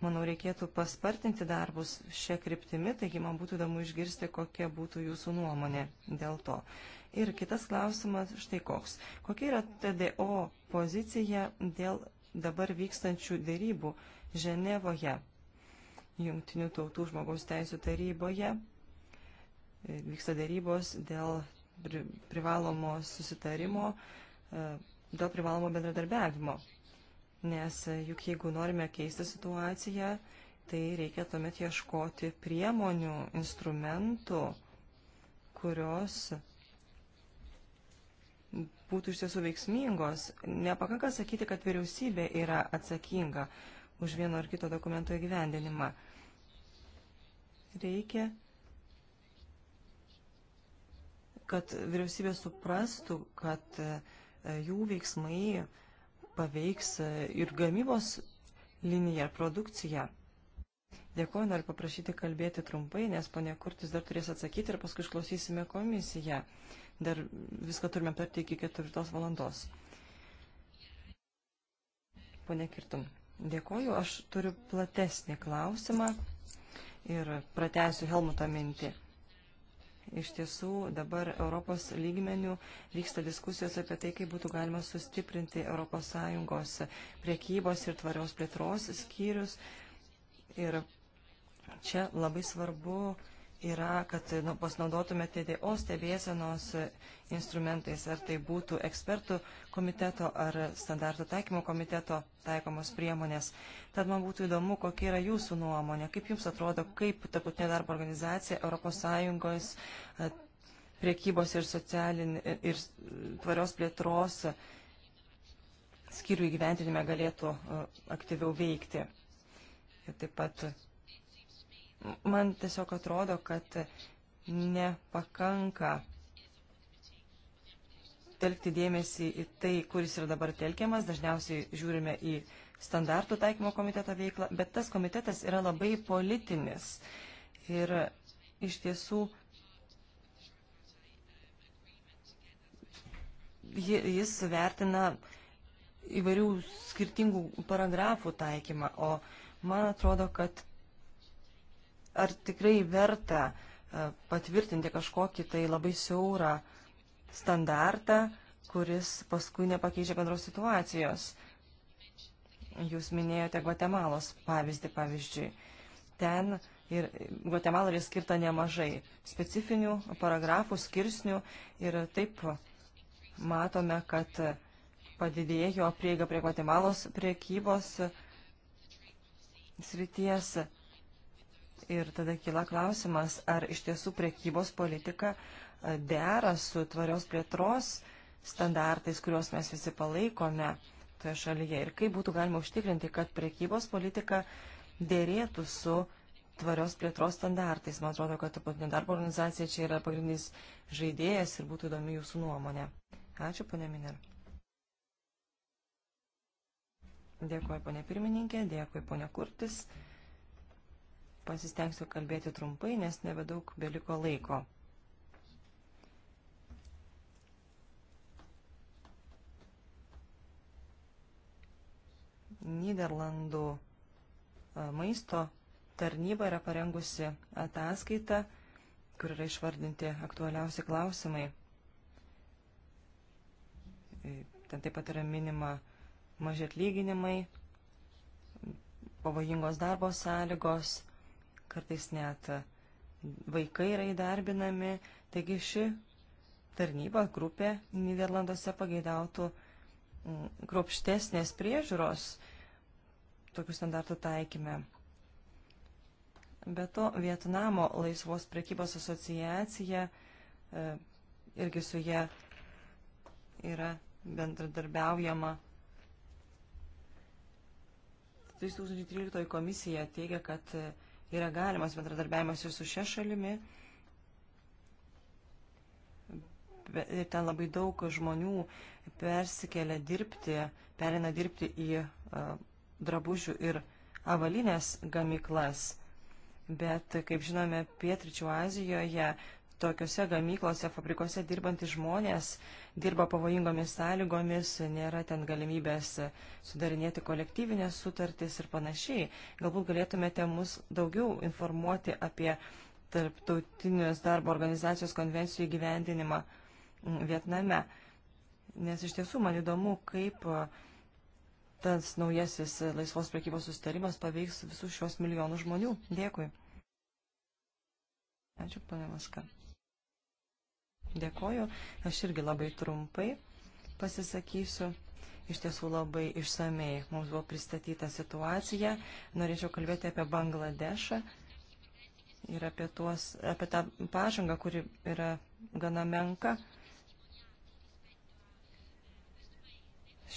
Manau, reikėtų paspartinti darbus šią kryptimį, taigi man būtų įdomu išgirsti, kokia būtų jūsų nuomonė dėl to. Ir kitas klausimas štai koks. Kokia yra TDO pozicija dėl dabar vykstančių dėrybų Ženevoje, Jungtinių tautų žmogaus teisų taryboje? Vyksta dėrybos dėl privalomo susitarimo e, dėl privalomo bendradarbiavimo. Nes e, juk jeigu norime keisti situaciją, tai reikia tuomet ieškoti priemonių, instrumentų, kurios būtų iš tiesų veiksmingos. Nepakanka sakyti, kad vyriausybė yra atsakinga už vieno ar kito dokumento įgyvendinimą. Reikia kad vyriausybė suprastų, kad e, jų veiksmai paveiks e, ir gamybos liniją, produkciją. Dėkuoju, noriu paprašyti kalbėti trumpai, nes ponė Kurtis dar turės atsakyti ir paskui išklausysime komisiją. Dar viską turime aptarti iki ketvirtos valandos. Pone Kirtum, dėkuoju, aš turiu platesnį klausimą ir pratęsiu Helmuto mintį. Iš tiesų dabar Europos lygmenių vyksta diskusijos apie tai, kaip būtų galima sustiprinti ES priekybos ir tvarios plėtros skyrius. Ir čia labai svarbu uh, yra, kad nu, pasinaudotume TDO stebėsenos instrumentais, ar tai būtų ekspertų komiteto ar standartų taikymo komiteto taikomos priemonės. Tad man būtų įdomu, kokia yra jūsų nuomonė, kaip jums atrodo, kaip tarptautinė darbo organizacija ES priekybos ir, socialin, ir tvarios plėtros skyrių įgyventinime galėtų aktyviau veikti. Ir taip pat Man tiesiog atrodo, kad nepakanka telkti dėmesį į tai, kuris yra dabar telkiamas. Dažniausiai žiūrime į standartų taikymo komiteto veiklą, bet tas komitetas yra labai politinis. Ir iš tiesų jis vertina įvairių skirtingų paragrafų taikymą, o man atrodo, kad ar tikrai verta e, patvirtinti kažkokį tai labai siaurą standartą, kuris paskui nepakeičia bendros situacijos. Jūs minėjote Gvatemalos pavyzdį, pavyzdžiui. Ten ir Gvatemala yra skirta nemažai specifinių paragrafų, skirsnių ir taip matome, kad padidėjo prieiga prie Gvatemalos priekybos srities Ir tada kyla klausimas, ar iš tiesų prekybos politika dera su tvarios plėtros standartais, kuriuos mes visi palaikome toje šalyje. Ir kaip būtų galima užtikrinti, kad prekybos politika dėrėtų su tvarios plėtros standartais. Man atrodo, kad tarptautinė darbo organizacija čia yra pagrindinis žaidėjas ir būtų įdomi jūsų nuomonė. Ačiū, ponė Miner. Dėkuoju, ponė pirmininkė, dėkuoju, ponė Kurtis pasistengsiu kalbėti trumpai, nes nebedaug beliko laiko. Niderlandų e, maisto tarnyba yra parengusi ataskaitą, kur yra išvardinti aktualiausi klausimai. E, ten taip pat yra minima maži atlyginimai, pavojingos darbo sąlygos, kartais net vaikai yra įdarbinami, taigi ši tarnyba, grupė Niderlanduose pageidautų mm, kruopštesnės priežiūros tokių standartų taikymę. Be to, Vietnamo laisvos prekybos asociacija e, irgi su jie yra bendradarbiaujama. 2013 komisija teigia, kad e, yra galimas bendradarbiavimas ir su šia šalimi. Ir ten labai daug žmonių persikelia dirbti, perina dirbti į uh, drabužių ir avalinės gamyklas. Bet, kaip žinome, Pietričių Azijoje tokiuose gamyklose, fabrikuose dirbantys žmonės dirba pavojingomis sąlygomis, nėra ten galimybės sudarinėti kolektyvinės sutartys ir panašiai. Galbūt galėtumėte mus daugiau informuoti apie tarptautinės darbo organizacijos konvencijų įgyvendinimą Vietname. Nes iš tiesų man įdomu, kaip tas naujasis laisvos prekybos sustarimas paveiks visus šios milijonų žmonių. Dėkui. Ačiū, ponė Maska. Dėkoju. Aš irgi labai trumpai pasisakysiu. Iš tiesų labai išsamei mums buvo pristatyta situacija. Norėčiau kalbėti apie Bangladešą ir apie, tuos, apie tą pažangą, kuri yra gana menka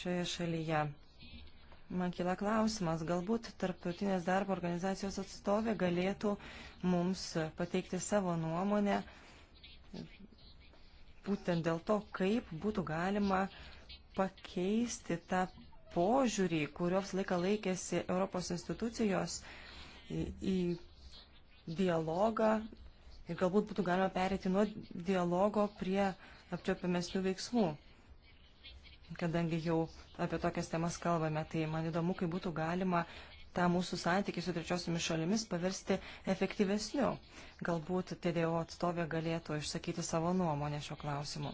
šioje šalyje. Man kila klausimas, galbūt tarptautinės darbo organizacijos atstovė galėtų mums pateikti savo nuomonę būtent dėl to, kaip būtų galima pakeisti tą požiūrį, kurios laiką laikėsi Europos institucijos į, į dialogą ir galbūt būtų galima perėti nuo dialogo prie apčiopiamesnių veiksmų. Kadangi jau apie tokias temas kalbame, tai man įdomu, kaip būtų galima tą mūsų santykį su trečiosiomis šalimis paversti efektyvesniu. Galbūt TDO atstovė galėtų išsakyti savo nuomonę šio klausimu.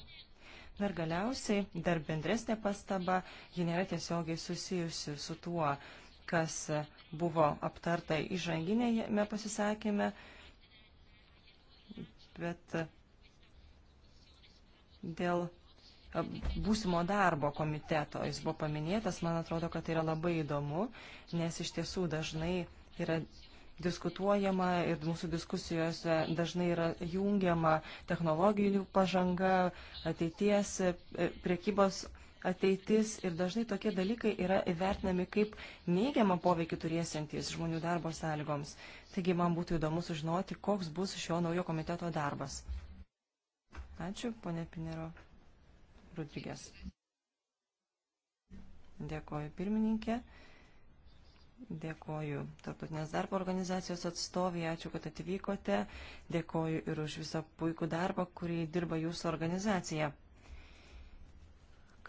Dar galiausiai, dar bendresnė pastaba, ji nėra tiesiogiai susijusi su tuo, kas buvo aptarta įžanginėje pasisakėme, bet dėl būsimo darbo komiteto. Jis buvo paminėtas, man atrodo, kad tai yra labai įdomu, nes iš tiesų dažnai yra diskutuojama ir mūsų diskusijose dažnai yra jungiama technologijų pažanga, ateities, e, priekybos ateitis ir dažnai tokie dalykai yra įvertinami kaip neigiamą poveikį turėsiantys žmonių darbo sąlygoms. Taigi man būtų įdomu sužinoti, koks bus šio naujo komiteto darbas. Ačiū, ponė Pinero. Rodrygės. Dėkoju pirmininkė, dėkoju Tartutinės darbo organizacijos atstovė, ačiū, kad atvykote, dėkoju ir už visą puikų darbą, kurį dirba jūsų organizacija.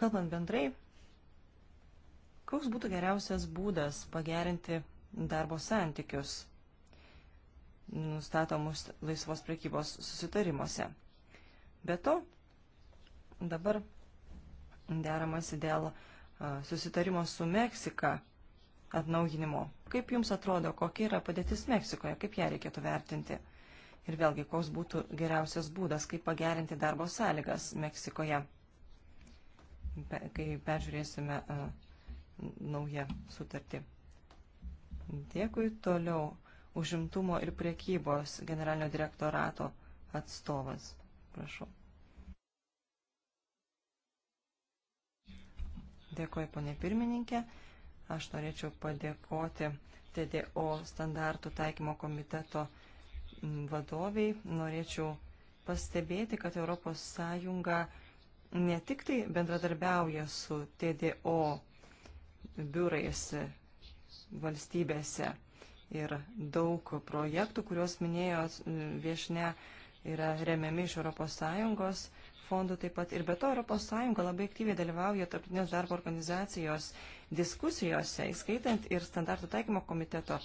Kalbant bendrai, koks būtų geriausias būdas pagerinti darbo santykius nustatomus laisvos prekybos susitarimuose? Be to, dabar deramasi dėl susitarimo su Meksika atnaujinimo. Kaip Jums atrodo, kokia yra padėtis Meksikoje, kaip ją reikėtų vertinti? Ir vėlgi, koks būtų geriausias būdas, kaip pagerinti darbo sąlygas Meksikoje, Be, kai peržiūrėsime uh, naują sutartį. Dėkui toliau užimtumo ir priekybos generalinio direktorato atstovas. Prašau. Dėkuoju, ponė pirmininkė. Aš norėčiau padėkoti TDO standartų taikymo komiteto vadoviai. Norėčiau pastebėti, kad ES ne tik tai bendradarbiauja su TDO biurais valstybėse ir daug projektų, kuriuos minėjo viešne, yra remiami iš ES fondų taip pat. Ir be to ES labai aktyviai dalyvauja tarptautinės darbo organizacijos diskusijose, įskaitant ir standartų taikymo komiteto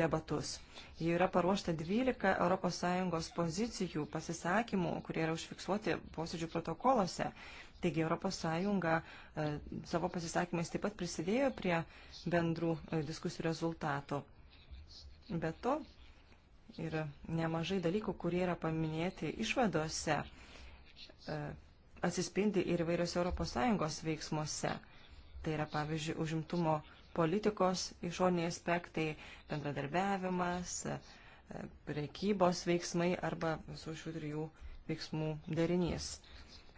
debatus. Ji yra paruošta 12 ES pozicijų pasisakymų, kurie yra užfiksuoti posėdžių protokoluose. Taigi ES e, savo pasisakymais taip pat prisidėjo prie bendrų e, diskusijų rezultatų. Be to, yra nemažai dalykų, kurie yra paminėti išvadose E, atsispindi ir įvairios ES veiksmuose. Tai yra, pavyzdžiui, užimtumo politikos išoriniai aspektai, bendradarbiavimas, e, prekybos veiksmai arba visų šių trijų veiksmų darinys.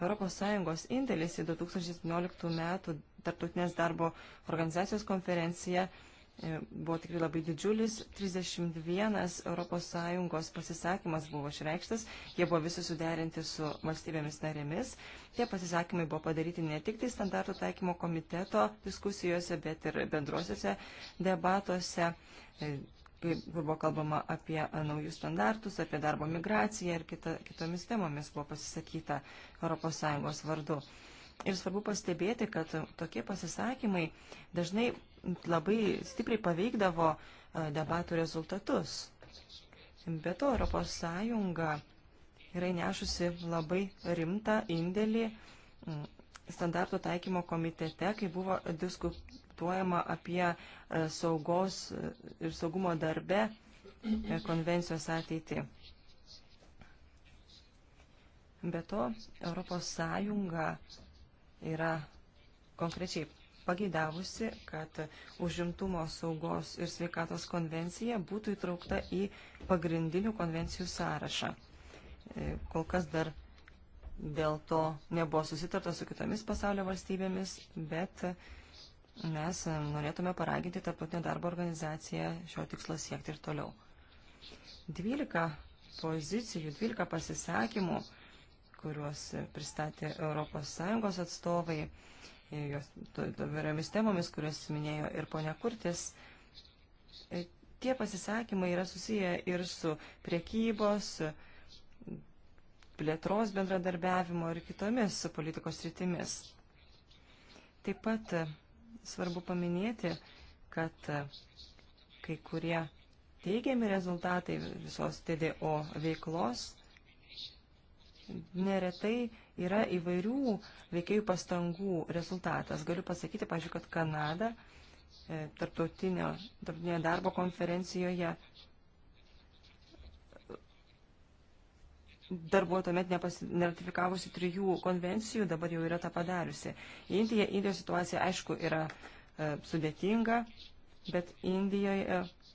ES indėlis į 2017 m. Tartutinės darbo organizacijos konferenciją E, buvo tikrai labai didžiulis. 31 ES pasisakymas buvo išreikštas, jie buvo visi suderinti su valstybėmis narėmis. Tie pasisakymai buvo padaryti ne tik tai standartų taikymo komiteto diskusijose, bet ir bendrosiuose debatuose, e, kur buvo kalbama apie e, naujus standartus, apie darbo migraciją ir kita, kitomis temomis buvo pasisakyta ES vardu. Ir svarbu pastebėti, kad tokie pasisakymai dažnai labai stipriai paveikdavo e, debatų rezultatus. Be to, ES yra įnešusi labai rimtą indėlį standartų taikymo komitete, kai buvo diskutuojama apie e, saugos e, ir saugumo darbe konvencijos ateitį. Be to, ES yra konkrečiai pageidavusi, kad užimtumo saugos ir sveikatos konvencija būtų įtraukta į pagrindinių konvencijų sąrašą. E, kol kas dar dėl to nebuvo susitarta su kitomis pasaulio valstybėmis, bet mes norėtume paraginti tarptautinę darbo organizaciją šio tikslo siekti ir toliau. 12 pozicijų, 12 pasisakymų kuriuos pristatė ES atstovai, jos įvairiomis temomis, kurias minėjo ir ponia Kurtis. E, tie pasisakymai yra susiję ir su priekybos, plėtros bendradarbiavimo ir kitomis politikos rytimis. Taip pat e, svarbu paminėti, kad e, kai kurie teigiami rezultatai visos TDO veiklos neretai yra įvairių veikėjų pastangų rezultatas. Galiu pasakyti, pažiūrėjau, kad Kanada e, tarptautinėje darbo konferencijoje dar buvo tuomet neratifikavusi trijų konvencijų, dabar jau yra tą padariusi. Indija, Indijos situacija aišku yra e, sudėtinga, bet Indijoje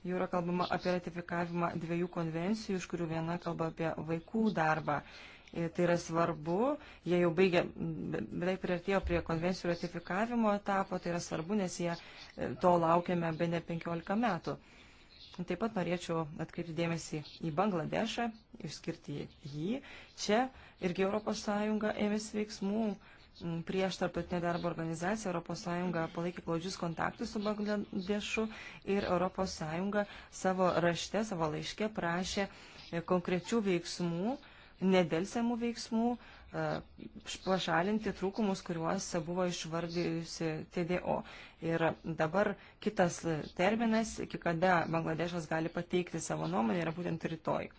jau yra kalbama apie ratifikavimą dviejų konvencijų, iš kurių viena kalba apie vaikų darbą. E, E, tai yra svarbu, jie jau baigė, beveik priartėjo prie konvencijų ratifikavimo etapo, tai yra svarbu, nes jie e, to laukiame be ne 15 metų. Taip pat norėčiau atkreipti dėmesį į Bangladešą, išskirti jį. Čia irgi ES ėmėsi veiksmų prieš tarptautinę darbo organizaciją ES palaikė glaudžius kontaktus su Bangladešu ir ES savo rašte, savo laiške prašė e, konkrečių veiksmų nedelsiamų veiksmų e, pašalinti trūkumus, kuriuos buvo išvardyjusi TDO. Ir dabar kitas terminas, iki kada Bangladešas gali pateikti savo nuomonę, yra būtent rytoj.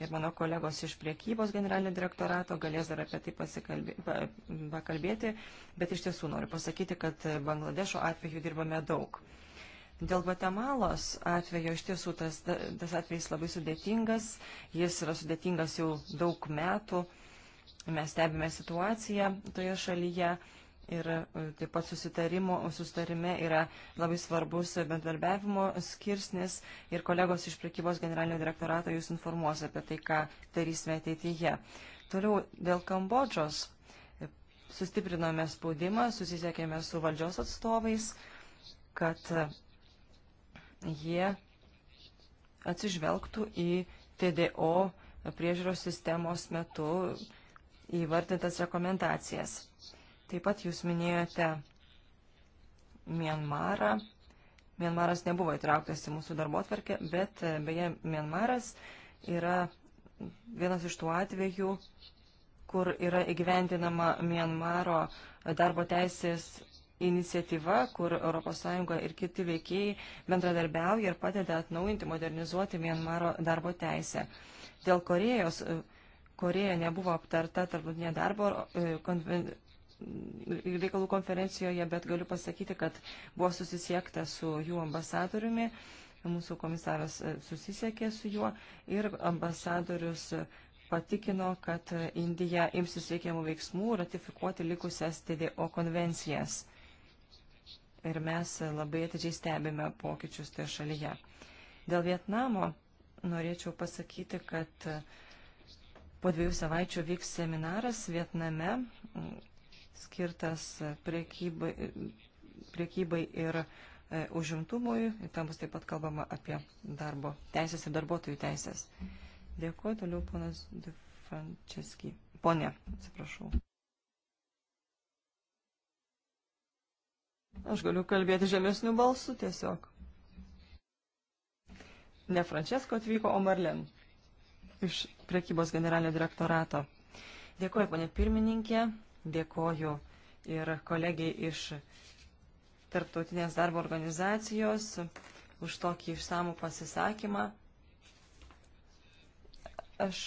Ir mano kolegos iš priekybos generalinio direktorato galės dar apie tai pakalbėti, bet iš tiesų noriu pasakyti, kad Bangladešo atveju dirbame daug. Dėl Guatemalos atvejo iš tiesų tas, tas atvejis labai sudėtingas, jis yra sudėtingas jau daug metų, mes stebime situaciją toje šalyje ir e, taip pat susitarime yra labai svarbus bendarbiavimo skirsnis ir kolegos iš prekybos generalinio direktorato jūs informuos apie tai, ką darysime ateityje. Toliau dėl Kambodžos sustiprinome spaudimą, susisiekėme su valdžios atstovais, kad jie atsižvelgtų į TDO priežiūros sistemos metu įvardintas rekomendacijas. Taip pat jūs minėjote Mianmarą. Mianmaras nebuvo įtrauktas į mūsų darbo atverkę, bet e, beje, Mianmaras yra vienas iš tų atvejų, kur yra įgyvendinama Mianmaro darbo teisės iniciatyva, kur ES ir kiti veikėjai bendradarbiauja ir padeda atnaujinti, modernizuoti Mienmaro darbo teisę. Dėl Korejos, Koreja nebuvo aptarta tarptautinė darbo e, konven... reikalų konferencijoje, bet galiu pasakyti, kad buvo susisiekta su jų ambasadoriumi. Mūsų komisaras e, susisiekė su juo ir ambasadorius patikino, kad Indija imsis reikiamų veiksmų ratifikuoti likusias TDO konvencijas ir mes labai atidžiai stebime pokyčius toje šalyje. Dėl Vietnamo norėčiau pasakyti, kad po dviejų savaičių vyks seminaras Vietname, skirtas priekybai, priekybai ir e, užimtumui. Tam bus taip pat kalbama apie darbo teisės ir darbuotojų teisės. Dėkuoju toliau, ponas Dufrančeski. Ponė, atsiprašau. Aš galiu kalbėti žemesnių balsų tiesiog. Ne Francesko atvyko, o Marlen iš priekybos generalinio direktorato. Dėkuoju, ponė pirmininkė, dėkuoju ir kolegiai iš Tarptautinės darbo organizacijos už tokį išsamų pasisakymą. Aš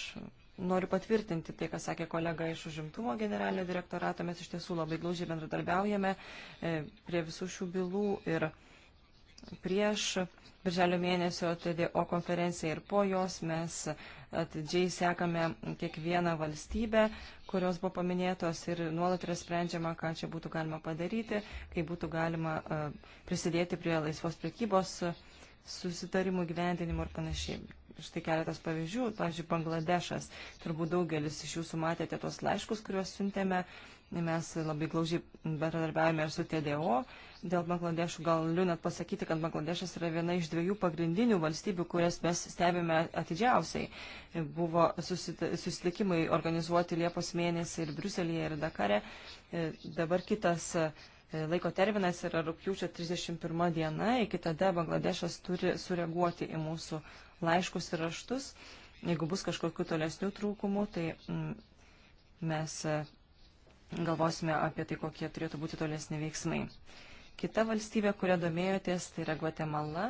Noriu patvirtinti tai, ką sakė kolega iš užimtumo generalinio direktorato. Mes iš tiesų labai glaužiai bendradarbiaujame e, prie visų šių bylų ir prieš birželio mėnesio TDO konferenciją ir po jos mes atidžiai sekame kiekvieną valstybę, kurios buvo paminėtos ir nuolat yra sprendžiama, ką čia būtų galima padaryti, kaip būtų galima e, prisidėti prie laisvos prekybos susitarimų gyvendinimo ir panašiai štai keletas pavyzdžių. Pavyzdžiui, Bangladešas. Turbūt daugelis iš jūsų matėte tos laiškus, kuriuos siuntėme. Mes labai glaužiai bendradarbiavame ir su TDO. Dėl Bangladešų galiu net pasakyti, kad Bangladešas yra viena iš dviejų pagrindinių valstybių, kurias mes stebime atidžiausiai. Buvo susitikimai organizuoti Liepos mėnesį ir Bruselėje, ir Dakare. Dabar kitas E, laiko terminas yra rūpjūčio 31 diena, iki tada Bangladešas turi sureaguoti į mūsų laiškus ir raštus. Jeigu bus kažkokiu tolesnių trūkumų, tai mm, mes e, galvosime apie tai, kokie turėtų būti tolesni veiksmai. Kita valstybė, kurią domėjotės, tai yra Guatemala.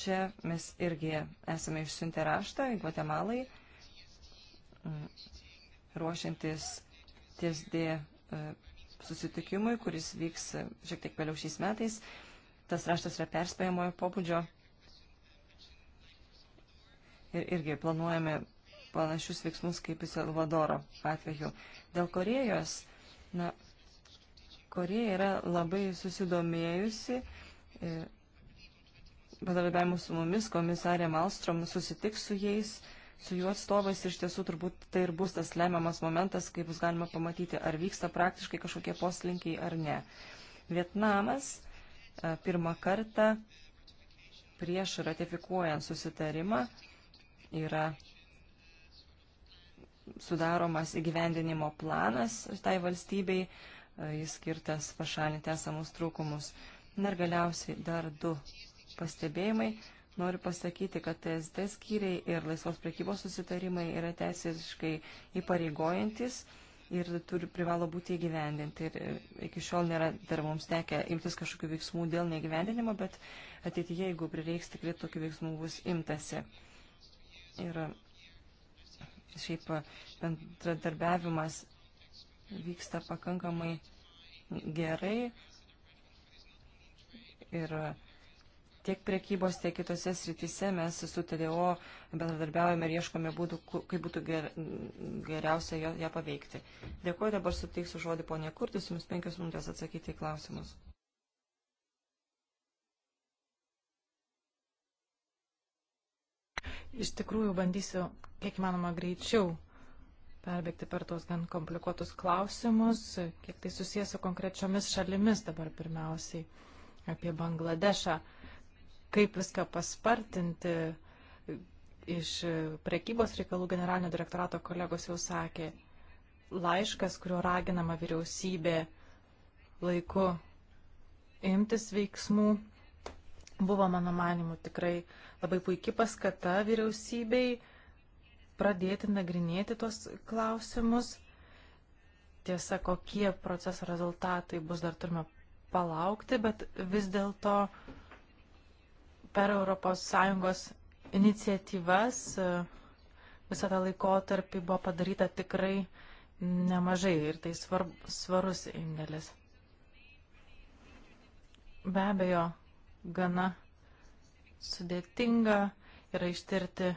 Čia mes irgi esame išsiuntę raštą Guatemalai, mm, ruošiantis TSD e, susitikimui, kuris vyks šiek tiek vėliau šiais metais. Tas raštas yra perspėjamojo pobūdžio. Ir irgi planuojame panašius veiksmus kaip į Salvadoro atveju. Dėl Korejos, na, Koreja yra labai susidomėjusi e, bendradarbiavimu su mumis, komisarė Malstrom susitiks su jais su jų atstovais iš tiesų turbūt tai ir bus tas lemiamas momentas, kai bus galima pamatyti, ar vyksta praktiškai kažkokie poslinkiai ar ne. Vietnamas e, pirmą kartą prieš ratifikuojant susitarimą yra sudaromas įgyvendinimo planas tai valstybei, e, jis skirtas pašalinti esamus trūkumus. Ir galiausiai dar du pastebėjimai. Noriu pasakyti, kad TSD skyriai ir laisvos prekybos susitarimai yra teisiškai įpareigojantis ir turi privalo būti įgyvendinti. Ir e, iki šiol nėra dar mums tekę imtis kažkokių veiksmų dėl neįgyvendinimo, bet ateityje, jeigu prireiks, tikrai tokių veiksmų bus imtasi. Ir šiaip bendradarbiavimas vyksta pakankamai gerai. Ir uh, Tiek priekybos, tiek kitose srityse mes su TDO bendradarbiaujame ir ieškome būdų, kaip būtų ger, geriausia ją, ją paveikti. Dėkuoju, dabar suteiksiu žodį ponė Kurtis, jums penkios minutės atsakyti į klausimus. Iš tikrųjų, bandysiu kiek įmanoma greičiau perbėgti per tuos gan komplikuotus klausimus, kiek tai susijęs su konkrečiomis šalimis dabar pirmiausiai apie Bangladešą kaip viską paspartinti. Iš prekybos reikalų generalinio direktorato kolegos jau sakė, laiškas, kuriuo raginama vyriausybė laiku imtis veiksmų, buvo mano manimu tikrai labai puikia paskata vyriausybei pradėti nagrinėti tuos klausimus. Tiesa, kokie proceso rezultatai bus dar turime palaukti, bet vis dėlto uh, per ES iniciatyvas e, visą tą laikotarpį buvo padaryta tikrai nemažai ir tai svarb, svarus indėlis. Be abejo, gana sudėtinga yra ištirti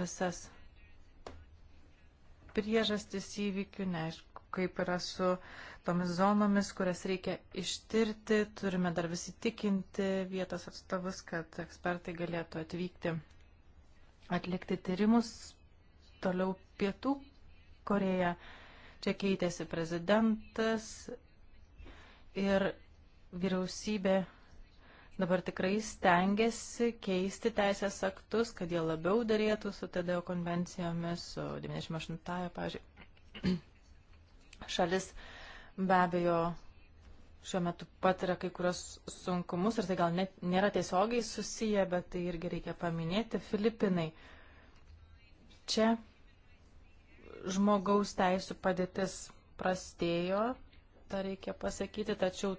visas priežastis įvykių, neaišku, kaip yra su uh, tomis zonomis, kurias reikia ištirti. Turime dar visi tikinti vietos atstovus, kad ekspertai galėtų atvykti atlikti tyrimus. Toliau pietų Koreja. Čia keitėsi prezidentas ir vyriausybė dabar tikrai stengiasi keisti teisės aktus, kad jie labiau darėtų su TDO konvencijomis, su 98-ąją, pažiūrėjau. Šalis be abejo šiuo metu patiria kai kurios sunkumus ir tai gal net nėra tiesiogiai susiję, bet tai irgi reikia paminėti. Filipinai. Čia žmogaus teisų padėtis prastėjo, tą reikia pasakyti, tačiau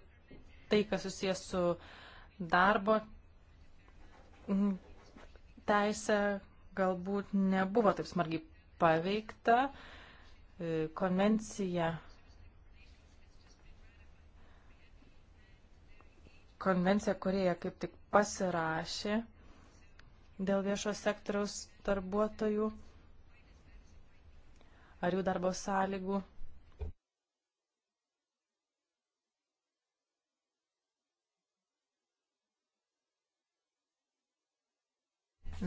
tai, kas susijęs su darbo teisė, galbūt nebuvo taip smarkiai paveikta. Konvencija konvenciją, kurie jie kaip tik pasirašė dėl viešo sektoriaus darbuotojų ar jų darbo sąlygų.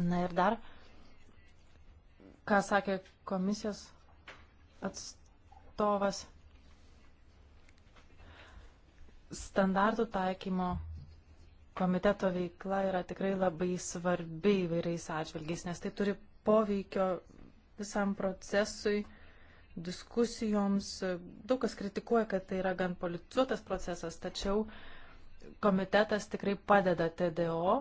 Na ir dar, ką sakė komisijos atstovas standartų taikymo komiteto veikla yra tikrai labai svarbi įvairiais atžvilgiais, nes tai turi poveikio visam procesui, diskusijoms. Daug kas kritikuoja, kad tai yra gan politizuotas procesas, tačiau komitetas tikrai padeda TDO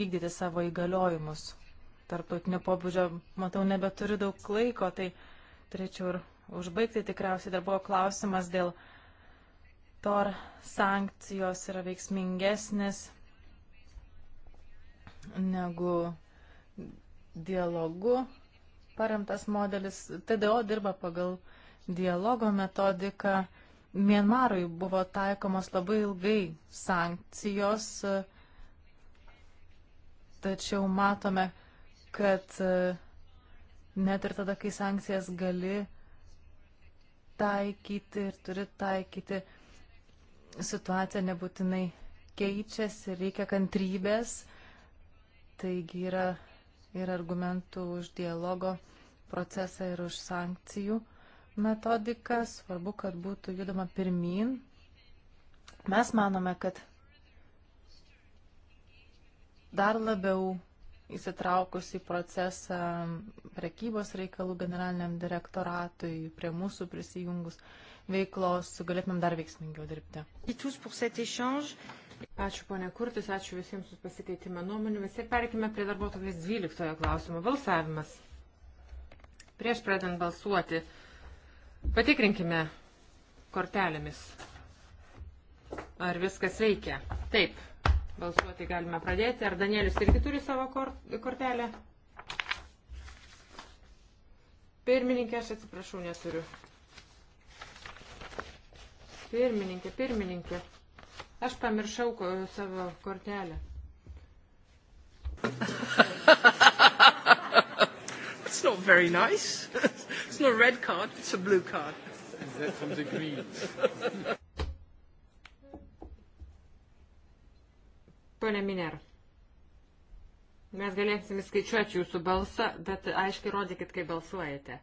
vykdyti savo įgaliojimus. Tarptautinio pobūdžio, matau, nebeturiu daug laiko, tai turėčiau ir užbaigti. Tikriausiai dar buvo klausimas dėl uh, sektor sankcijos yra veiksmingesnės negu dialogu paremtas modelis. TDO dirba pagal dialogo metodiką. Mienmarui buvo taikomos labai ilgai sankcijos, tačiau matome, kad e, net ir tada, kai sankcijas gali taikyti ir turi taikyti, situacija nebūtinai keičiasi, reikia kantrybės, taigi yra ir argumentų už dialogo procesą ir už sankcijų metodiką, svarbu, kad būtų judama pirmin. Mes manome, kad dar labiau įsitraukus į procesą prekybos reikalų generaliniam direktoratui, prie mūsų prisijungus veiklos, galėtumėm dar veiksmingiau dirbti. Ačiū ponė Kurtis, ačiū visiems už pasikeitimą nuomonėmis ir perkime prie darbo tokiais 12 klausimo. Balsavimas. Prieš pradant balsuoti, patikrinkime kortelėmis, ar viskas veikia. Taip, Balsuoti galime pradėti. Ar Danielius irgi turi savo kortelę? Pirmininkė, aš atsiprašau, neturiu. Pirmininkė, pirmininkė. Aš pamiršau ko, savo kortelę. It's not very nice. It's not a red card, it's a blue card. Is that from the Greens? Pone Miner, mes galėsim skaičiuoti jūsų balsą, bet aiškiai rodykit, kai balsuojate.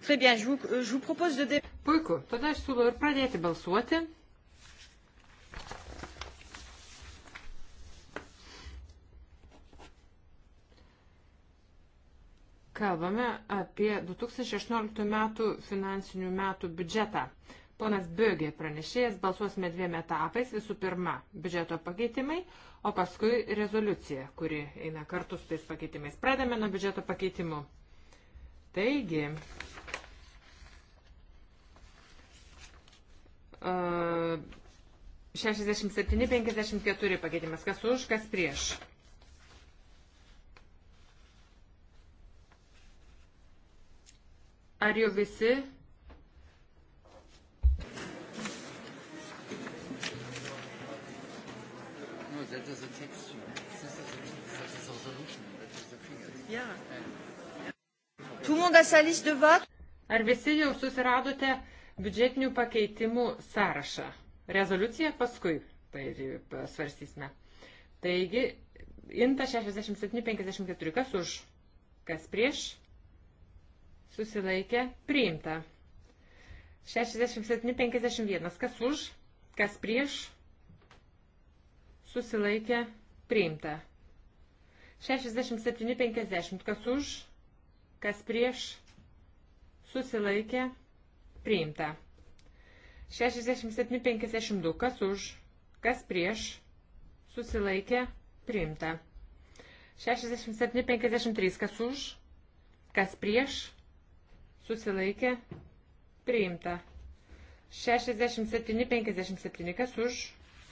Euh, Puiku, tada aš siūlau ir pradėti balsuoti. Kalbame apie 2016 metų finansinių metų biudžetą. Ponas Bögė pranešėjas balsuosime dviem etapais. Visų pirma, biudžeto pakeitimai, o paskui rezoliucija, kuri eina kartu su tais pakeitimais. Pradame nuo biudžeto pakeitimų. Taigi, 67-54 pakeitimas. Kas už, kas prieš. Ar jau visi? No, that is a text. This is a, that is a resolution. That is the figure. Yeah. Tout le monde a sa liste de vote? Ar visi jau susiradote? biudžetinių pakeitimų sąrašą. Rezoliuciją paskui tai svarstysime. Taigi, inta 67-54, kas už, kas prieš, susilaikė, priimta. 67-51, kas už, kas prieš, susilaikė, priimta. 67-50, kas už, kas prieš, susilaikė, priimta priimta. 67.52. Kas už, kas prieš, susilaikė, priimta. 67.53. Kas už, kas prieš, susilaikė, priimta. 67.57. Kas už,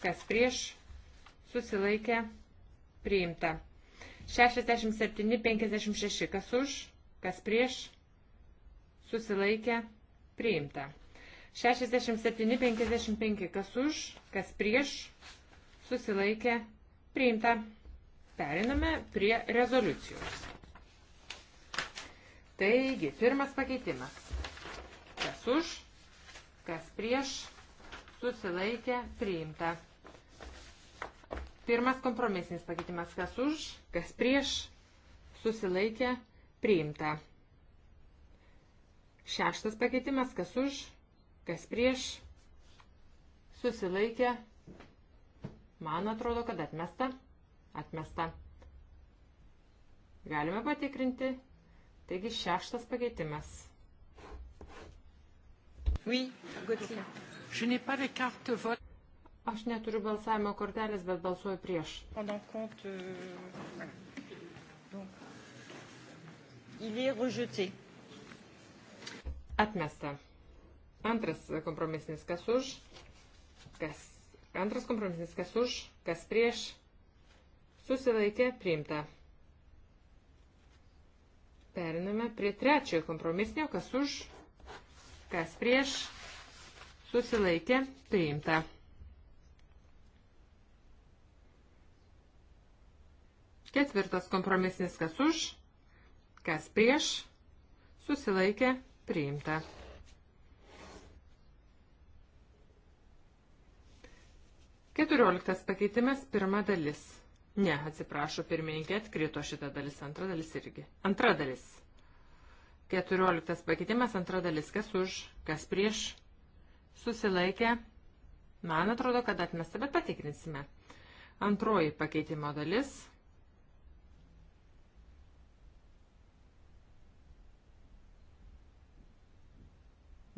kas prieš, susilaikė, priimta. 67.56. Kas už, kas prieš, susilaikė, priimta susilaikė priimta. 67-55 kas už, kas prieš, susilaikė, priimta. Periname prie rezoliucijos. Taigi, pirmas pakeitimas. Kas už, kas prieš, susilaikė, priimta. Pirmas kompromisinis pakeitimas. Kas už, kas prieš, susilaikė, priimta. Šeštas pakeitimas, kas už, kas prieš, susilaikė, man atrodo, kad atmesta, atmesta. Galime patikrinti, taigi šeštas pakeitimas. Oui, Gauthier. Je n'ai pas les cartes vote. Aš neturiu balsavimo kortelės, bet balsuoju prieš. Pendant compte, euh, voilà. Donc, il est rejeté. Atmesta. Antras kompromisinis kas už, kas, antras kompromisinis kas už, kas prieš, susilaikė priimta. Periname prie trečiojo kompromisinio, kas už, kas prieš, susilaikė priimta. Ketvirtas kompromisinis kas už, kas prieš, susilaikė priimta Priimta. Keturioliktas pakeitimas, pirma dalis. Ne, atsiprašau, pirmininkė atkrito šitą dalis, antra dalis irgi. Antra dalis. Keturioliktas pakeitimas, antra dalis, kas už, kas prieš, susilaikė. Man atrodo, kad atmesta, bet patikrinsime. Antroji pakeitimo dalis,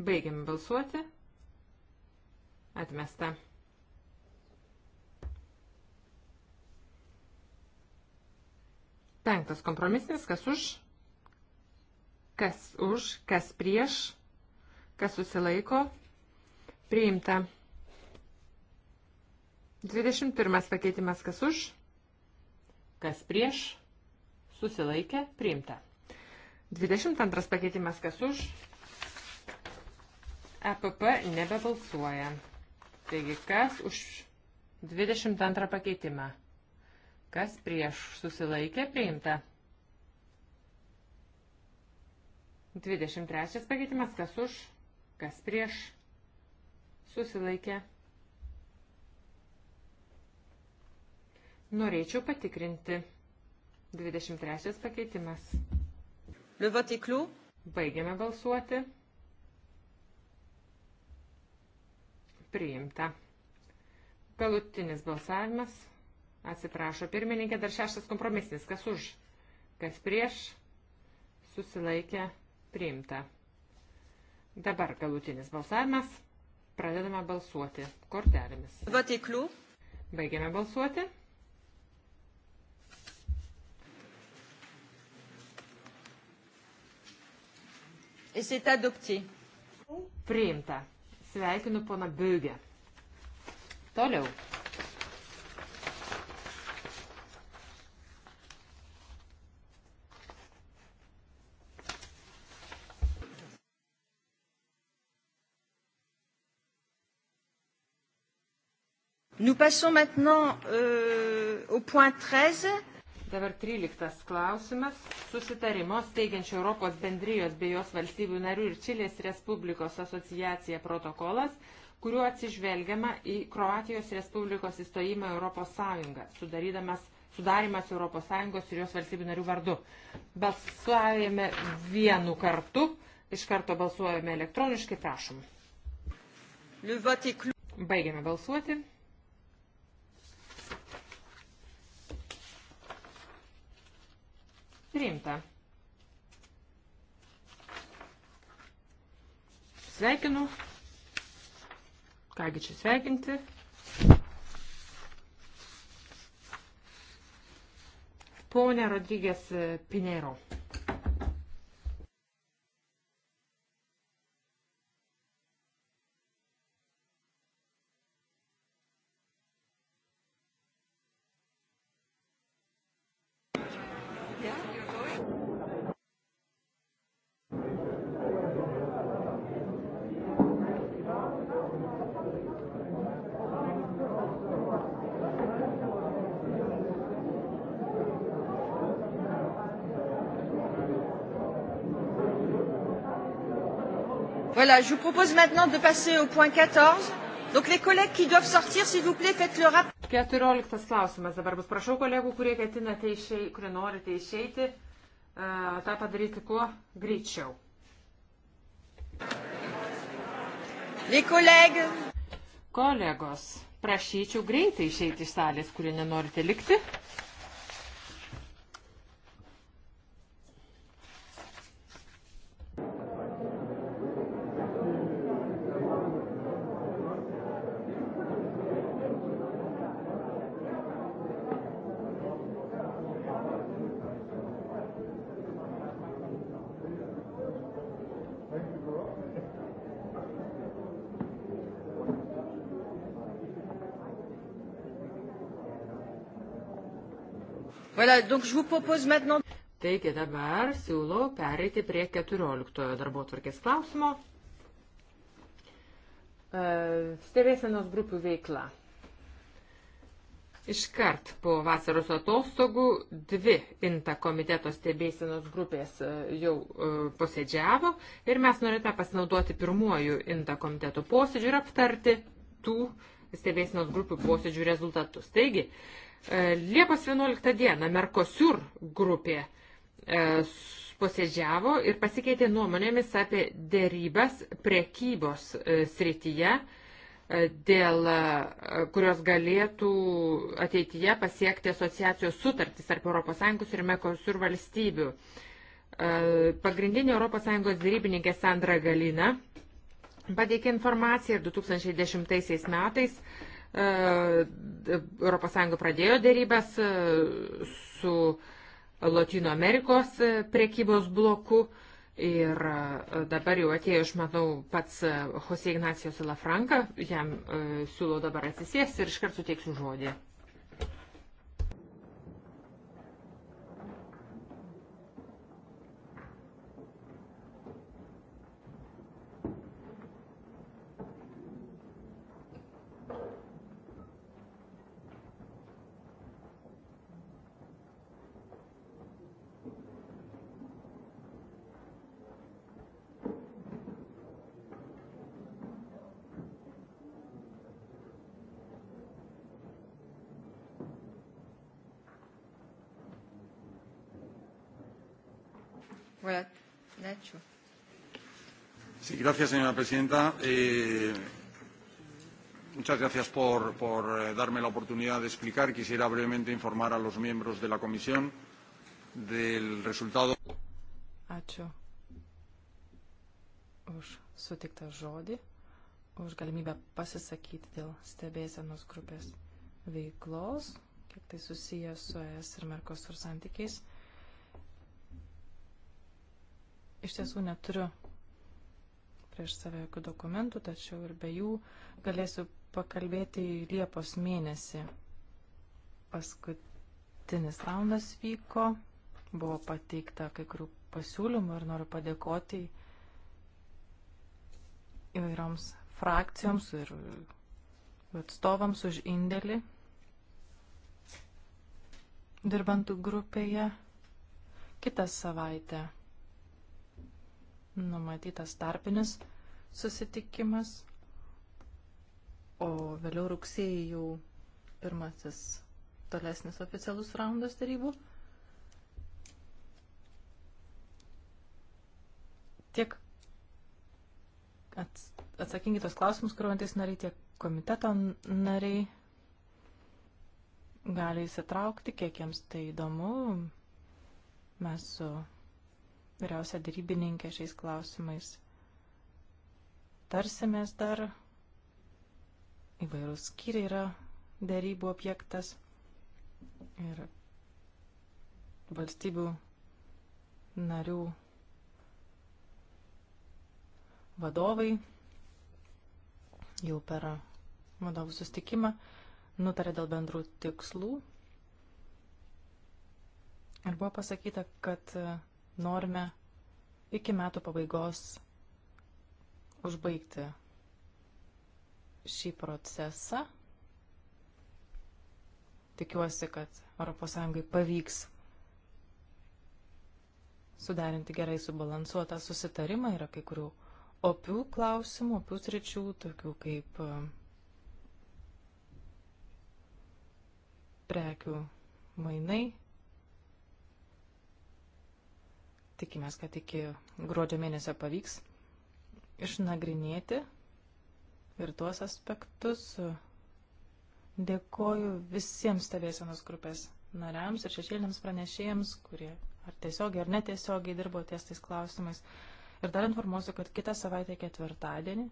Baigiam balsuoti. Atmesta. Penktas kompromisinis, kas už, kas už, kas prieš, kas susilaiko, priimta. 21 pakeitimas, kas už, kas prieš, susilaikė, priimta. 22 pakeitimas, kas už, EPP nebebalsuoja. Taigi, kas už 22 pakeitimą? Kas prieš susilaikė priimta? 23 pakeitimas, kas už, kas prieš, susilaikė. Norėčiau patikrinti. 23 pakeitimas. Liuvatiklių. Baigiame balsuoti. priimta. Galutinis balsavimas. Atsiprašo pirmininkė, dar šeštas kompromisinis. Kas už? Kas prieš? Susilaikė priimta. Dabar galutinis balsavimas. Pradedame balsuoti kortelėmis. Vatiklių. Baigiame balsuoti. Et c'est adopté. Priimta. Sveikinu pana Biugę. Toliau. Nous passons maintenant euh, au point 13. Dabar 13 klausimas. Susitarimo steigiančio Europos bendrijos bei jos valstybių narių ir Čilės Respublikos asociacija protokolas, kuriuo atsižvelgiama į Kroatijos Respublikos įstojimą Europos Sąjungą, sudarydamas sudarimas Europos Sąjungos ir jos valstybių narių vardu. Balsuojame vienu kartu, iš karto balsuojame elektroniškai, prašom. Baigiame balsuoti. Priimta. Sveikinu. Kągi čia sveikinti. Pone Rodrygės Pinero. Voilà, je vous propose maintenant de passer au point 14. Donc les collègues qui doivent sortir, s'il vous plaît, faites le rappel. 14 klausimas dabar bus. Prašau kolegų, kurie ketinate išeiti, kurie norite išeiti, uh, tą padaryti kuo greičiau. Les collègues. Kolegos, prašyčiau greitai išeiti iš salės, kurie nenorite likti. Voilà, donc je vous propose maintenant. Taigi dabar siūlau pereiti prie 14 darbo tvarkės klausimo. E, stebėsenos grupių veikla. Iškart po vasaros atostogų dvi INTA komiteto stebėsenos grupės e, jau e, posėdžiavo ir mes norėtume pasinaudoti pirmuoju INTA komiteto posėdžiu ir aptarti tų stebėsenos grupių posėdžių rezultatus. Taigi, uh, E, Liepos 11 dieną Merkosur grupė e, posėdžiavo ir pasikeitė nuomonėmis apie dėrybas prekybos e, srityje, dėl kurios galėtų ateityje pasiekti asociacijos sutartis tarp ES ir Mekosur valstybių. Pagrindinė ES dėrybininkė Sandra Galina pateikė informaciją ir 2010 metais ES pradėjo dėrybęs e, su Latino Amerikos e, prekybos bloku ir e, dabar jau atėjo, aš manau, pats Jose Ignacijos Lafranka, jam siūlau dabar atsisės ir iškart suteiksiu žodį. Gracias, señora presidenta. Eh, muchas gracias por, por eh, darme la oportunidad de explicar. Quisiera brevemente informar a los miembros de la comisión del resultado. Ačiū už sutiktą žodį, už galimybę pasisakyti dėl stebėsenos grupės veiklos, kiek tai susijęs su ES ir Merkosur santykiais. Iš tiesų neturiu prieš save jokių dokumentų, tačiau ir be jų galėsiu pakalbėti Liepos mėnesį. Paskutinis raundas vyko, buvo pateikta kai kurių pasiūlymų ir noriu padėkoti įvairioms frakcijoms ir atstovams už indėlį dirbantų grupėje kitą savaitę numatytas tarpinis susitikimas, o vėliau rugsėjai jau pirmasis tolesnis oficialus raundas darybų. Tiek atsakingi tos klausimus, kuriuojantis nariai, tiek komiteto nariai gali įsitraukti, kiek jiems tai įdomu. Mes su vyriausia darybininkė šiais klausimais. Tarsimės dar, įvairūs skyriai yra darybų objektas ir valstybių narių vadovai jau per vadovų sustikimą nutarė dėl bendrų tikslų ir buvo pasakyta, kad norime iki metų pabaigos užbaigti šį procesą. Tikiuosi, kad ES pavyks suderinti gerai subalansuotą susitarimą. Yra kai kurių opių klausimų, opių sričių, tokių kaip e, prekių mainai Tikimės, kad iki gruodžio mėnesio pavyks išnagrinėti ir tuos aspektus. Dėkoju visiems stebėsenos grupės nariams ir šešėliniams pranešėjams, kurie ar tiesiogiai ar netiesiogiai dirbo ties tais klausimais. Ir dar informuosiu, kad kitą savaitę ketvirtadienį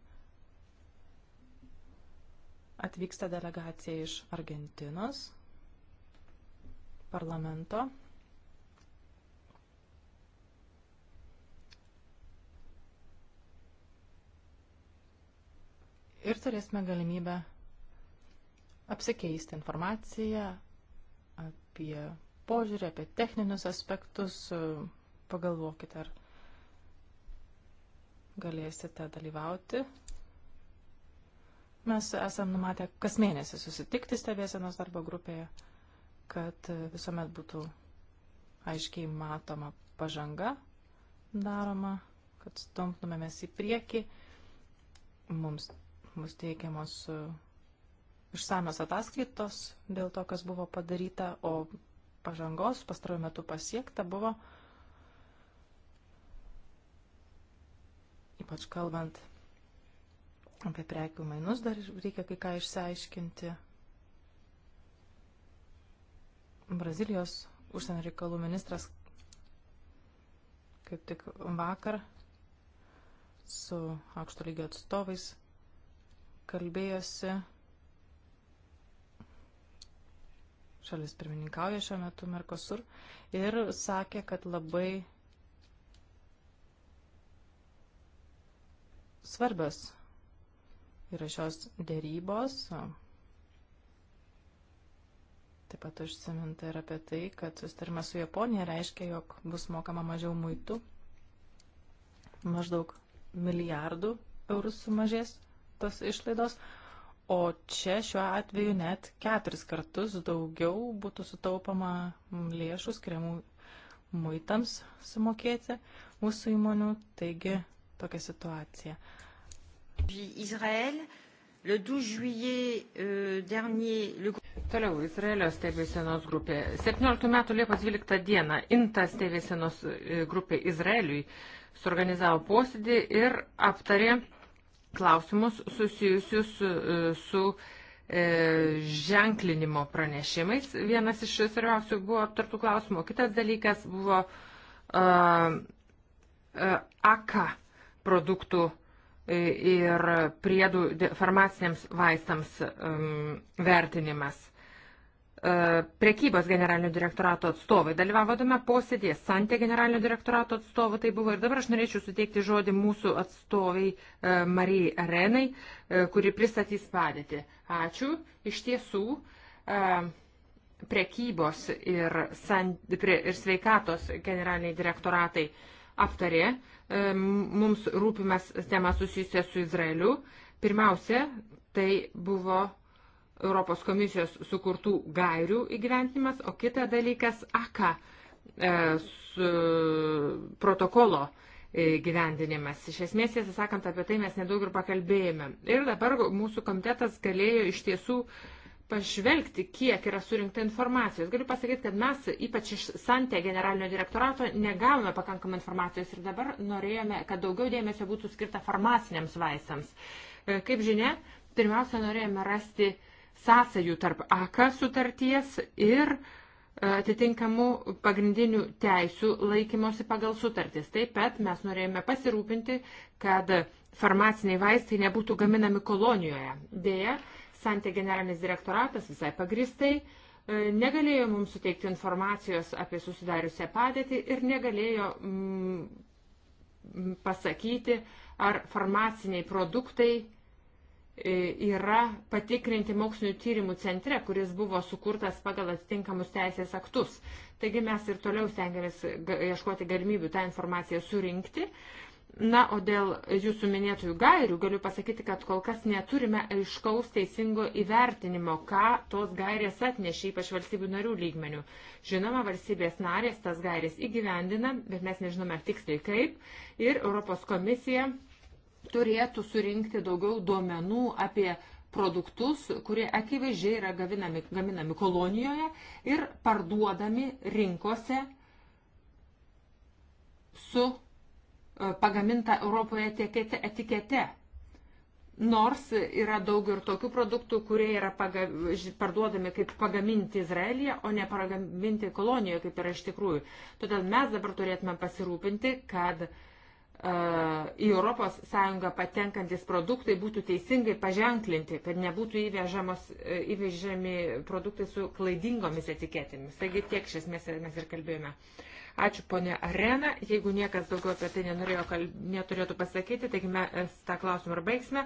atvyksta delegacija iš Argentinos parlamento ir turėsime galimybę apsikeisti informaciją apie požiūrį, apie techninius aspektus. Pagalvokite, ar galėsite dalyvauti. Mes esam numatę kas mėnesį susitikti stebėsenos darbo grupėje, kad visuomet būtų aiškiai matoma pažanga daroma, kad stumtumėmės į priekį. Mums bus teikiamos e, išsamios ataskaitos dėl to, kas buvo padaryta, o pažangos pastaruoju metu pasiekta buvo, ypač kalbant apie prekių mainus, dar reikia kai ką išsiaiškinti. Brazilijos užsienio reikalų ministras kaip tik vakar su aukšto lygio atstovais kalbėjosi. Šalis pirmininkauja šiuo metu Merkosur ir sakė, kad labai svarbios yra šios dėrybos. Taip pat užsiminta ir apie tai, kad sustarimas su Japonija reiškia, jog bus mokama mažiau muitų, maždaug milijardų eurų sumažės tos išlaidos, o čia šiuo atveju net keturis kartus daugiau būtų sutaupama lėšų skiriamų muitams sumokėti mūsų įmonių, taigi tokia situacija. Izrael, le 12 juillet euh, dernier, le... Toliau Izraelio stebėsenos grupė. 17 metų Liepos 12 dieną INTA stebėsenos e, grupė Izraeliui suorganizavo posėdį ir aptarė klausimus susijusius su, e, su e, ženklinimo pranešimais. Vienas iš svarbiausių buvo aptartų klausimų. Kitas dalykas buvo e, e, AK produktų e, ir priedų farmaciniams vaistams um, vertinimas. E, prekybos generalinio direktorato atstovai. Dalyvavodame posėdėje Santė generalinio direktorato atstovų tai buvo ir dabar aš norėčiau suteikti žodį mūsų atstoviai e, Marijai Arenai, e, kuri pristatys padėtį. Ačiū. Iš tiesų, prekybos ir, san, ir sveikatos generaliniai direktoratai aptarė mums rūpimas temas susijusias su Izraeliu. Pirmiausia, tai buvo Europos komisijos sukurtų gairių įgyventinimas, o kita dalykas AKA e, protokolo gyvendinimas. Iš esmės, tiesą sakant, apie tai mes nedaug ir pakalbėjome. Ir dabar mūsų komitetas galėjo iš tiesų pažvelgti, kiek yra surinkta informacijos. Galiu pasakyti, kad mes, ypač iš Santė generalinio direktorato, negavome pakankamai informacijos ir dabar norėjome, kad daugiau dėmesio būtų skirta farmaciniams vaistams. E, kaip žinia, pirmiausia, norėjome rasti uh, sąsajų tarp AK sutarties ir e, atitinkamų pagrindinių teisių laikymosi pagal sutartis. Taip pat mes norėjome pasirūpinti, kad farmaciniai vaistai nebūtų gaminami kolonijoje. Deja, Santė generalinis direktoratas visai pagristai e, negalėjo mums suteikti informacijos apie susidariusią padėtį ir negalėjo mm, pasakyti, ar farmaciniai produktai E, yra patikrinti mokslinio tyrimų centre, kuris buvo sukurtas pagal atitinkamus teisės aktus. Taigi mes ir toliau stengiamės ieškoti galimybių tą informaciją surinkti. Na, o dėl jūsų minėtųjų gairių galiu pasakyti, kad kol kas neturime aiškaus teisingo įvertinimo, ką tos gairės atnešė, ypač valstybių narių lygmenių. Žinoma, valstybės narės tas gairės įgyvendina, bet mes nežinome tiksliai kaip. Ir Europos komisija turėtų surinkti daugiau duomenų apie produktus, kurie akivaizdžiai yra gaminami, gaminami kolonijoje ir parduodami rinkose su e, pagaminta Europoje etikete. etikete. Nors yra daug ir tokių produktų, kurie yra paga, parduodami kaip pagaminti Izraelyje, o ne pagaminti kolonijoje, kaip yra iš tikrųjų. Todėl mes dabar turėtume pasirūpinti, kad uh, į ES patenkantis produktai būtų teisingai paženklinti, kad nebūtų e, įvežami produktai su klaidingomis etiketėmis. Taigi tiek iš esmės mes ir kalbėjome. Uh, Ačiū ponė Arena. Jeigu niekas daugiau apie tai kalb... neturėtų pasakyti, taigi mes e, tą klausimą ir baigsime.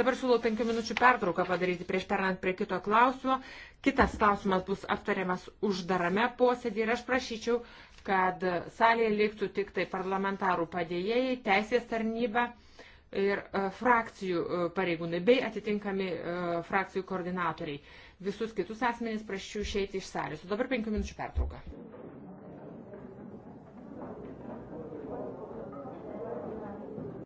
Dabar siūlau penkių minučių pertrauką padaryti prieš perant prie kito klausimo. Kitas klausimas bus aptariamas uždarame posėdį ir aš prašyčiau, kad salėje liktų tik tai parlamentarų padėjėjai, teisės tarnyba ir e, frakcijų e, pareigūnai bei atitinkami frakcijų koordinatoriai. Visus kitus asmenys prašyčiau išeiti iš salės. O dabar penkių minučių pertrauka.